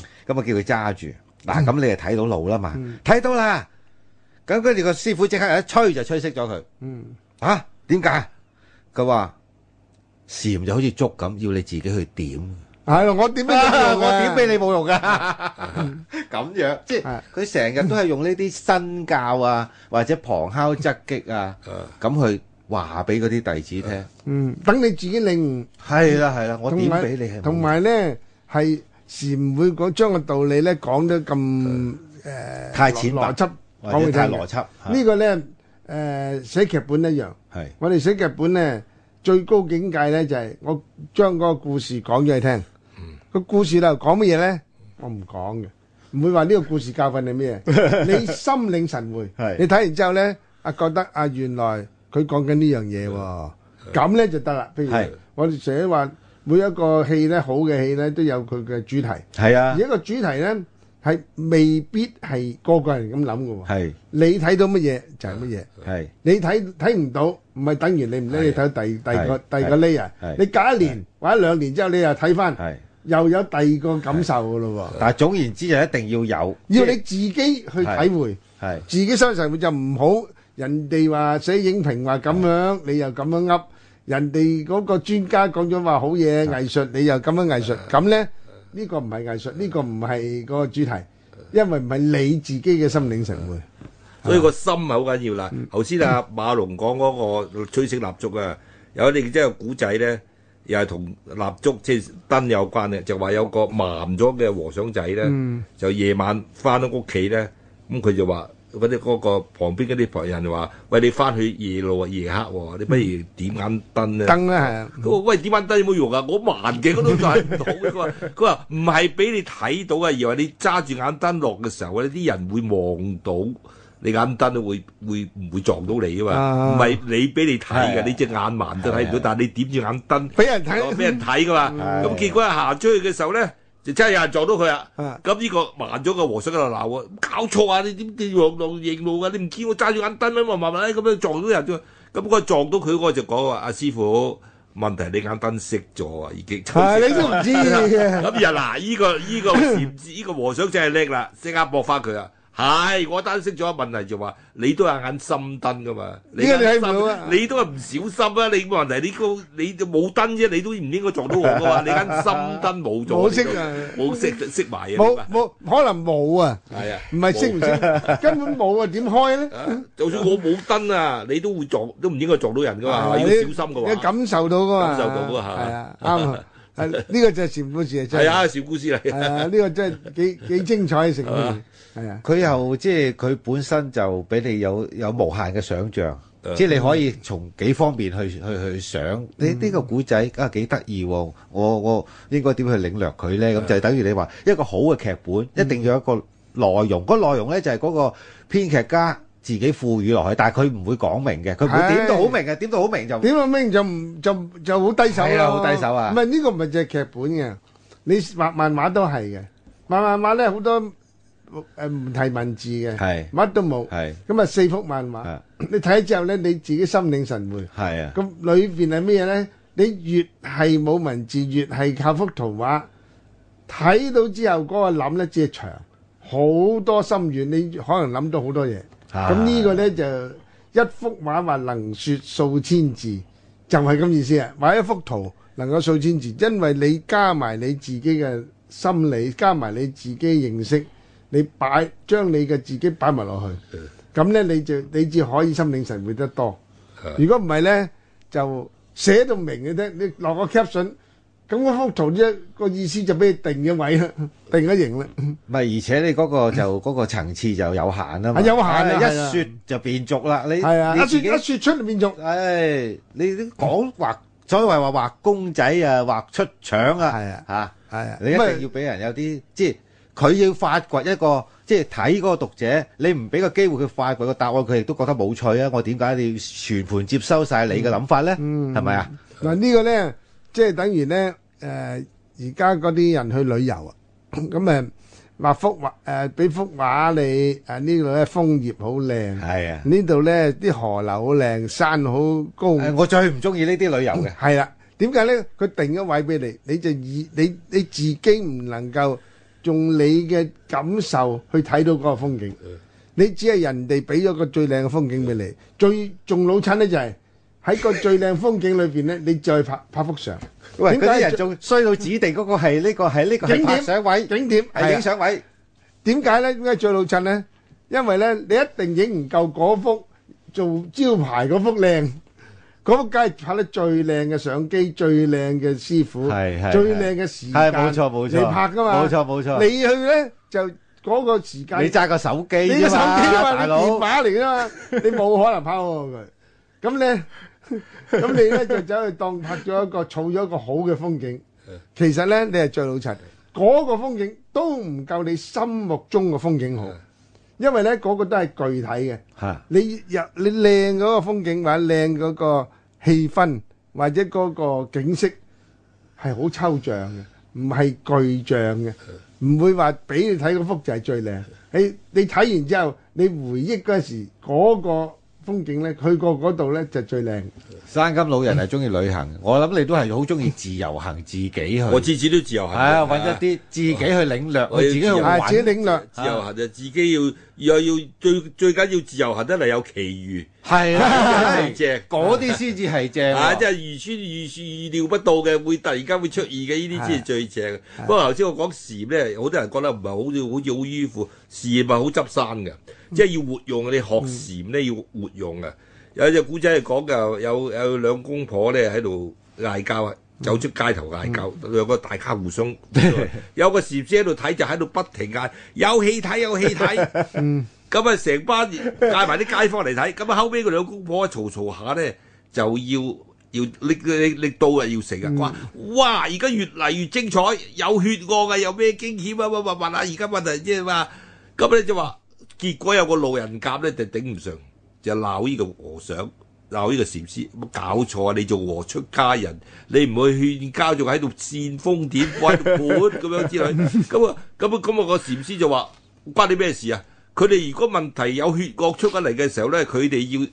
你。咁啊！叫佢揸住嗱，咁你就睇到路啦嘛，睇到啦。咁跟住個師傅即刻一吹就吹熄咗佢。嗯，吓點解？佢話禪就好似竹咁，要你自己去點。係咯，我點都冇用，我點俾你冇用噶。咁樣即係佢成日都係用呢啲身教啊，或者旁敲側擊啊，咁去話俾嗰啲弟子聽。嗯，等你自己領悟。係啦係啦，我點俾你係。同埋咧，係。是唔會講，將個道理咧，講得咁誒太淺白，講得太邏輯。呢個咧誒寫劇本一樣。係我哋寫劇本咧最高境界咧就係我將個故事講咗你聽。嗯。個故事就講乜嘢咧？我唔講嘅，唔會話呢個故事教訓你咩？你心領神會。係。你睇完之後咧，啊覺得啊原來佢講緊呢樣嘢喎，咁咧就得啦。譬如我哋成日話。每一個戲咧，好嘅戲咧，都有佢嘅主題。係啊，而一個主題咧，係未必係個個人咁諗㗎喎。係，你睇到乜嘢就係乜嘢。係，你睇睇唔到，唔係等完等於你唔理，你睇第第二個第二個咧啊？你隔一年或者兩年之後，你又睇返，又有第二個感受嘅咯喎。但係總言之，就一定要有，要你自己去體會，自己收嘅成本就唔好。人哋話寫影評話咁樣，你又咁樣噏。人哋嗰個專家講咗話好嘢藝術，你又咁樣藝術，咁咧呢個唔係藝術，呢個唔係個主題，因為唔係你自己嘅心領神會，所以個心係好緊要啦。頭先阿馬龍講嗰個吹熄蠟燭啊，有啲即係古仔咧，又係同蠟燭即係燈有關嘅，就話有個盲咗嘅和尚仔咧，就夜晚翻到屋企咧，咁佢就話。嗰啲嗰個旁邊嗰啲旁人就話：喂，你返去夜路啊，夜黑喎、哦，你不如點眼燈咧、啊。燈咧係啊。喂，點眼燈有冇用啊？我盲嘅度都睇唔到。佢話：佢話唔係俾你睇到啊，而係你揸住眼燈落嘅時候咧，啲人會望到你眼燈會會唔會撞到你啊嘛？唔係、啊啊、你俾你睇嘅，啊、你隻眼盲都睇唔到。啊、但係你點住眼燈，俾人睇俾、啊、人睇㗎嘛？咁、嗯、結果行出去嘅時候咧。就真係有人撞到佢啊！咁呢、這個盲咗個和尚喺度鬧喎，搞錯啊！你點點樣認路㗎？你唔見我揸住眼燈吖嘛慢慢咁樣撞到人啫。咁、嗯、我、這個、撞到佢我就講話：阿、啊、師傅，問題你眼燈熄咗啊，已經係你都唔知啊！咁 啊嗱，呢、這個呢、這個呢、這個這個和尚真係叻啦，即刻駁翻佢啦。係我單熄咗，問題就話你都有眼深燈噶嘛，你都係唔小心啊！你個問題，你高你冇燈啫，你都唔應該撞到我噶嘛，你眼深燈冇咗，冇熄啊，冇熄熄埋啊，冇冇可能冇啊，係啊，唔係熄唔熄，根本冇啊，點開咧？就算我冇燈啊，你都會撞，都唔應該撞到人噶嘛，要小心噶嘛，感受到噶嘛，感受到噶吓，啱啊，係呢個就係禪故事啊，係啊，小故事嚟，係啊，呢個真係幾幾精彩嘅成。係啊，佢又即係佢本身就俾你有有無限嘅想像，即係你可以從幾方面去去去想。呢呢個古仔啊幾得意喎！我我應該點去領略佢咧？咁就係等於你話一個好嘅劇本，一定要有一個內容。嗰內容咧就係嗰個編劇家自己賦予落去，但係佢唔會講明嘅，佢唔會點到好明嘅，點到好明就點到明就唔就就好低手。係啊，好低手啊！唔係呢個唔係隻劇本嘅，你畫漫畫都係嘅，畫漫畫咧好多。誒唔提文字嘅，乜都冇，咁啊四幅漫畫。你睇之後咧，你自己心領神會。係啊，咁裏邊係咩咧？你越係冇文字，越係靠幅圖畫睇到之後嗰個諗咧，只係長好多心願。你可能諗到好多嘢。咁呢個咧就一幅畫話能説數千字，就係咁意思啊！畫一幅圖能夠數千字，因為你加埋你自己嘅心理，加埋你自己認識，你擺將你嘅自己擺埋落去，咁咧你就你至可以心領神會得多。如果唔係咧，就寫到明嘅啫。你落個 caption，咁嗰幅圖咧個意思就俾你定咗位啦，定咗型啦。唔係，而且你嗰個就嗰個層次就有限啊嘛。有限啊！一説就變俗啦。你一説一説出嚟變俗。誒，你講話所謂話畫公仔啊，畫出腸啊嚇。係啊，你一定要俾人有啲即係。佢要發掘一個，即係睇嗰個讀者，你唔俾個機會佢發掘個答案，佢亦都覺得冇趣啊！我點解你要全盤接收曬你嘅諗法咧？係咪啊？嗱，呢個咧即係等於咧誒，而家嗰啲人去旅遊啊，咁誒畫幅畫誒，俾幅畫你啊，呢度咧楓葉好靚，係啊，呢度咧啲河流好靚，山好高。誒，我最唔中意呢啲旅遊嘅，係啦，點解咧？佢定咗位俾你，你就以你你自己唔能夠。用你嘅感受去睇到嗰個風景，你只係人哋俾咗個最靚嘅風景俾你。最仲老襯咧就係喺個最靚風景裏邊咧，你再拍拍幅相。喂，點解人仲衰到指地嗰個係呢個係呢個影相位？景點係影相位。點解咧？點解最老襯咧？因為咧，你一定影唔夠嗰幅做招牌嗰幅靚。嗰個梗係拍得最靚嘅相機、最靚嘅師傅、係係最靚嘅時間，係冇錯冇錯，你拍㗎嘛，冇錯冇錯，你去咧就嗰個時間，你揸個手機啫嘛，大佬自拍嚟㗎嘛，你冇可能拍喎佢。咁你咁你咧就走去當拍咗一個儲咗一個好嘅風景。其實咧你係最老闆，嗰個風景都唔夠你心目中嘅風景好。因為咧嗰個都係具體嘅，你入你靚嗰個風景或者靚嗰個氣氛或者嗰個景色係好抽象嘅，唔係具象嘅，唔會話俾你睇嗰幅就係最靚。你你睇完之後，你回憶嗰時嗰個。風景咧，去過嗰度咧就最靚。山金老人係中意旅行，我諗你都係好中意自由行，自己去。我次次都自由行。係啊，揾一啲自己去領略，自己去玩，自己領略。自由行就自己要，又要最最緊要自由行，得嚟有奇遇。係啊，係正，嗰啲先至係正。即係預先預料不到嘅，會突然間會出現嘅，呢啲先係最正。不過頭先我講禪咧，好多人覺得唔係好似好似好迂腐，禪咪好執生嘅。即係要活用嗰啲學禪咧，要活用啊！有隻古仔係講嘅，有有兩公婆咧喺度嗌交，啊，走出街頭嗌交，嗯、兩個大家互相。有個禪師喺度睇，就喺度不停嗌：有戲睇，有戲睇！咁啊，成、嗯嗯、班帶埋啲街坊嚟睇。咁啊，後尾，佢兩公婆嘈嘈下咧，就要要力力力刀啊，要成啊！話、嗯、哇，而家越嚟越精彩，有血案嘅、啊，有咩驚險啊！乜乜乜下而家問題即係話，咁咧、啊啊啊、就話、是。就是結果有個路人甲咧就頂唔上，就鬧呢個和尚，鬧呢個禪師，冇搞錯啊！你做和出家人，你唔去勸教，仲喺度煽風點火喺度管咁樣之類，咁啊咁啊咁啊個禪師就話：關你咩事啊？佢哋如果問題有血覺出緊嚟嘅時候咧，佢哋要。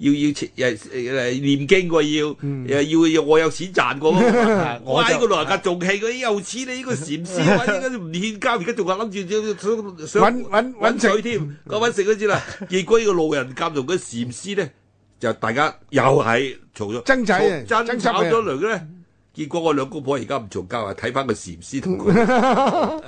要要誒誒唸經喎，要誒要我有錢賺喎，我呢個老人家做係嗰啲有錢。你呢個禪師，呢個唔欠交而家仲話諗住想想揾揾揾添，咁揾食嗰啲啦。結果呢個路人家同個禪師咧，就大家又係嘈咗爭仔啊，爭拗咗嚟嘅咧。結果我兩公婆而家唔嘈交啊，睇翻個禪師同佢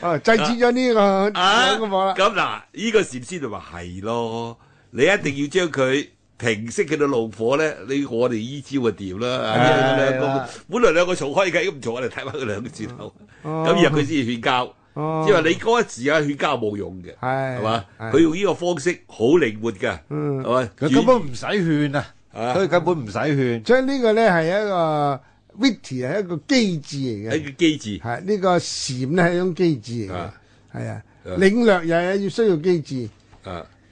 啊，制止咗呢個啊。咁嗱，呢個禪師就話係咯，你一定要將佢。平息佢啲怒火咧，你我哋依招就掂啦。係啊，本來兩個嘈開偈都唔嘈，我哋睇翻佢兩個字頭。咁然後佢先至勸交，即係你嗰一字啊勸交冇用嘅，係嘛？佢用呢個方式好靈活嘅，係嘛？佢根本唔使勸啊，所以根本唔使勸。所以呢個咧係一個 wit，係一個機智嚟嘅，係一個機智。係呢個禪咧係一種機智嚟嘅，係啊，領略嘢要需要機智，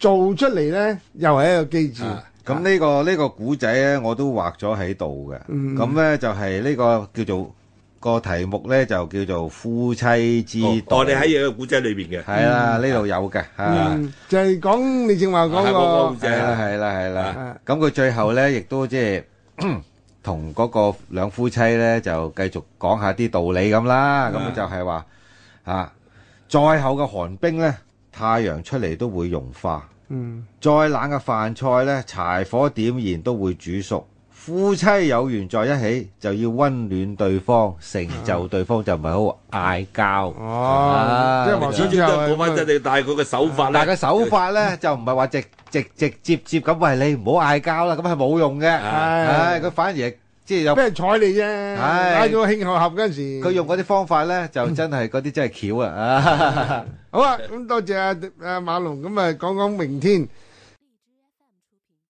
做出嚟咧又係一個機智。咁呢個呢個古仔咧，我都畫咗喺度嘅。咁咧就係呢個叫做個題目咧，就叫做夫妻之道。你喺呢個古仔裏邊嘅，係啦，呢度有嘅嚇。就係講你正話講個古仔啦，係啦，係啦。咁佢最後咧，亦都即係同嗰個兩夫妻咧，就繼續講下啲道理咁啦。咁就係話嚇，再厚嘅寒冰咧，太陽出嚟都會融化。嗯，再冷嘅飯菜呢，柴火點燃都會煮熟。夫妻有緣在一起，就要溫暖對方，成就對方就，就唔係好嗌交。哦、啊，即係黃小姐都講翻，即係但係佢嘅手法但係個手法呢，法呢呃、就唔係話直直直，直接接咁話你唔好嗌交啦，咁係冇用嘅。係、啊，佢反而。即係係俾人睬你啫，嗌咗、啊哎、慶賀合嗰陣時，佢用嗰啲方法咧，就真係嗰啲真係巧啊， 啊，啊！啊，好啊，咁多謝阿阿馬龍咁啊講講明天。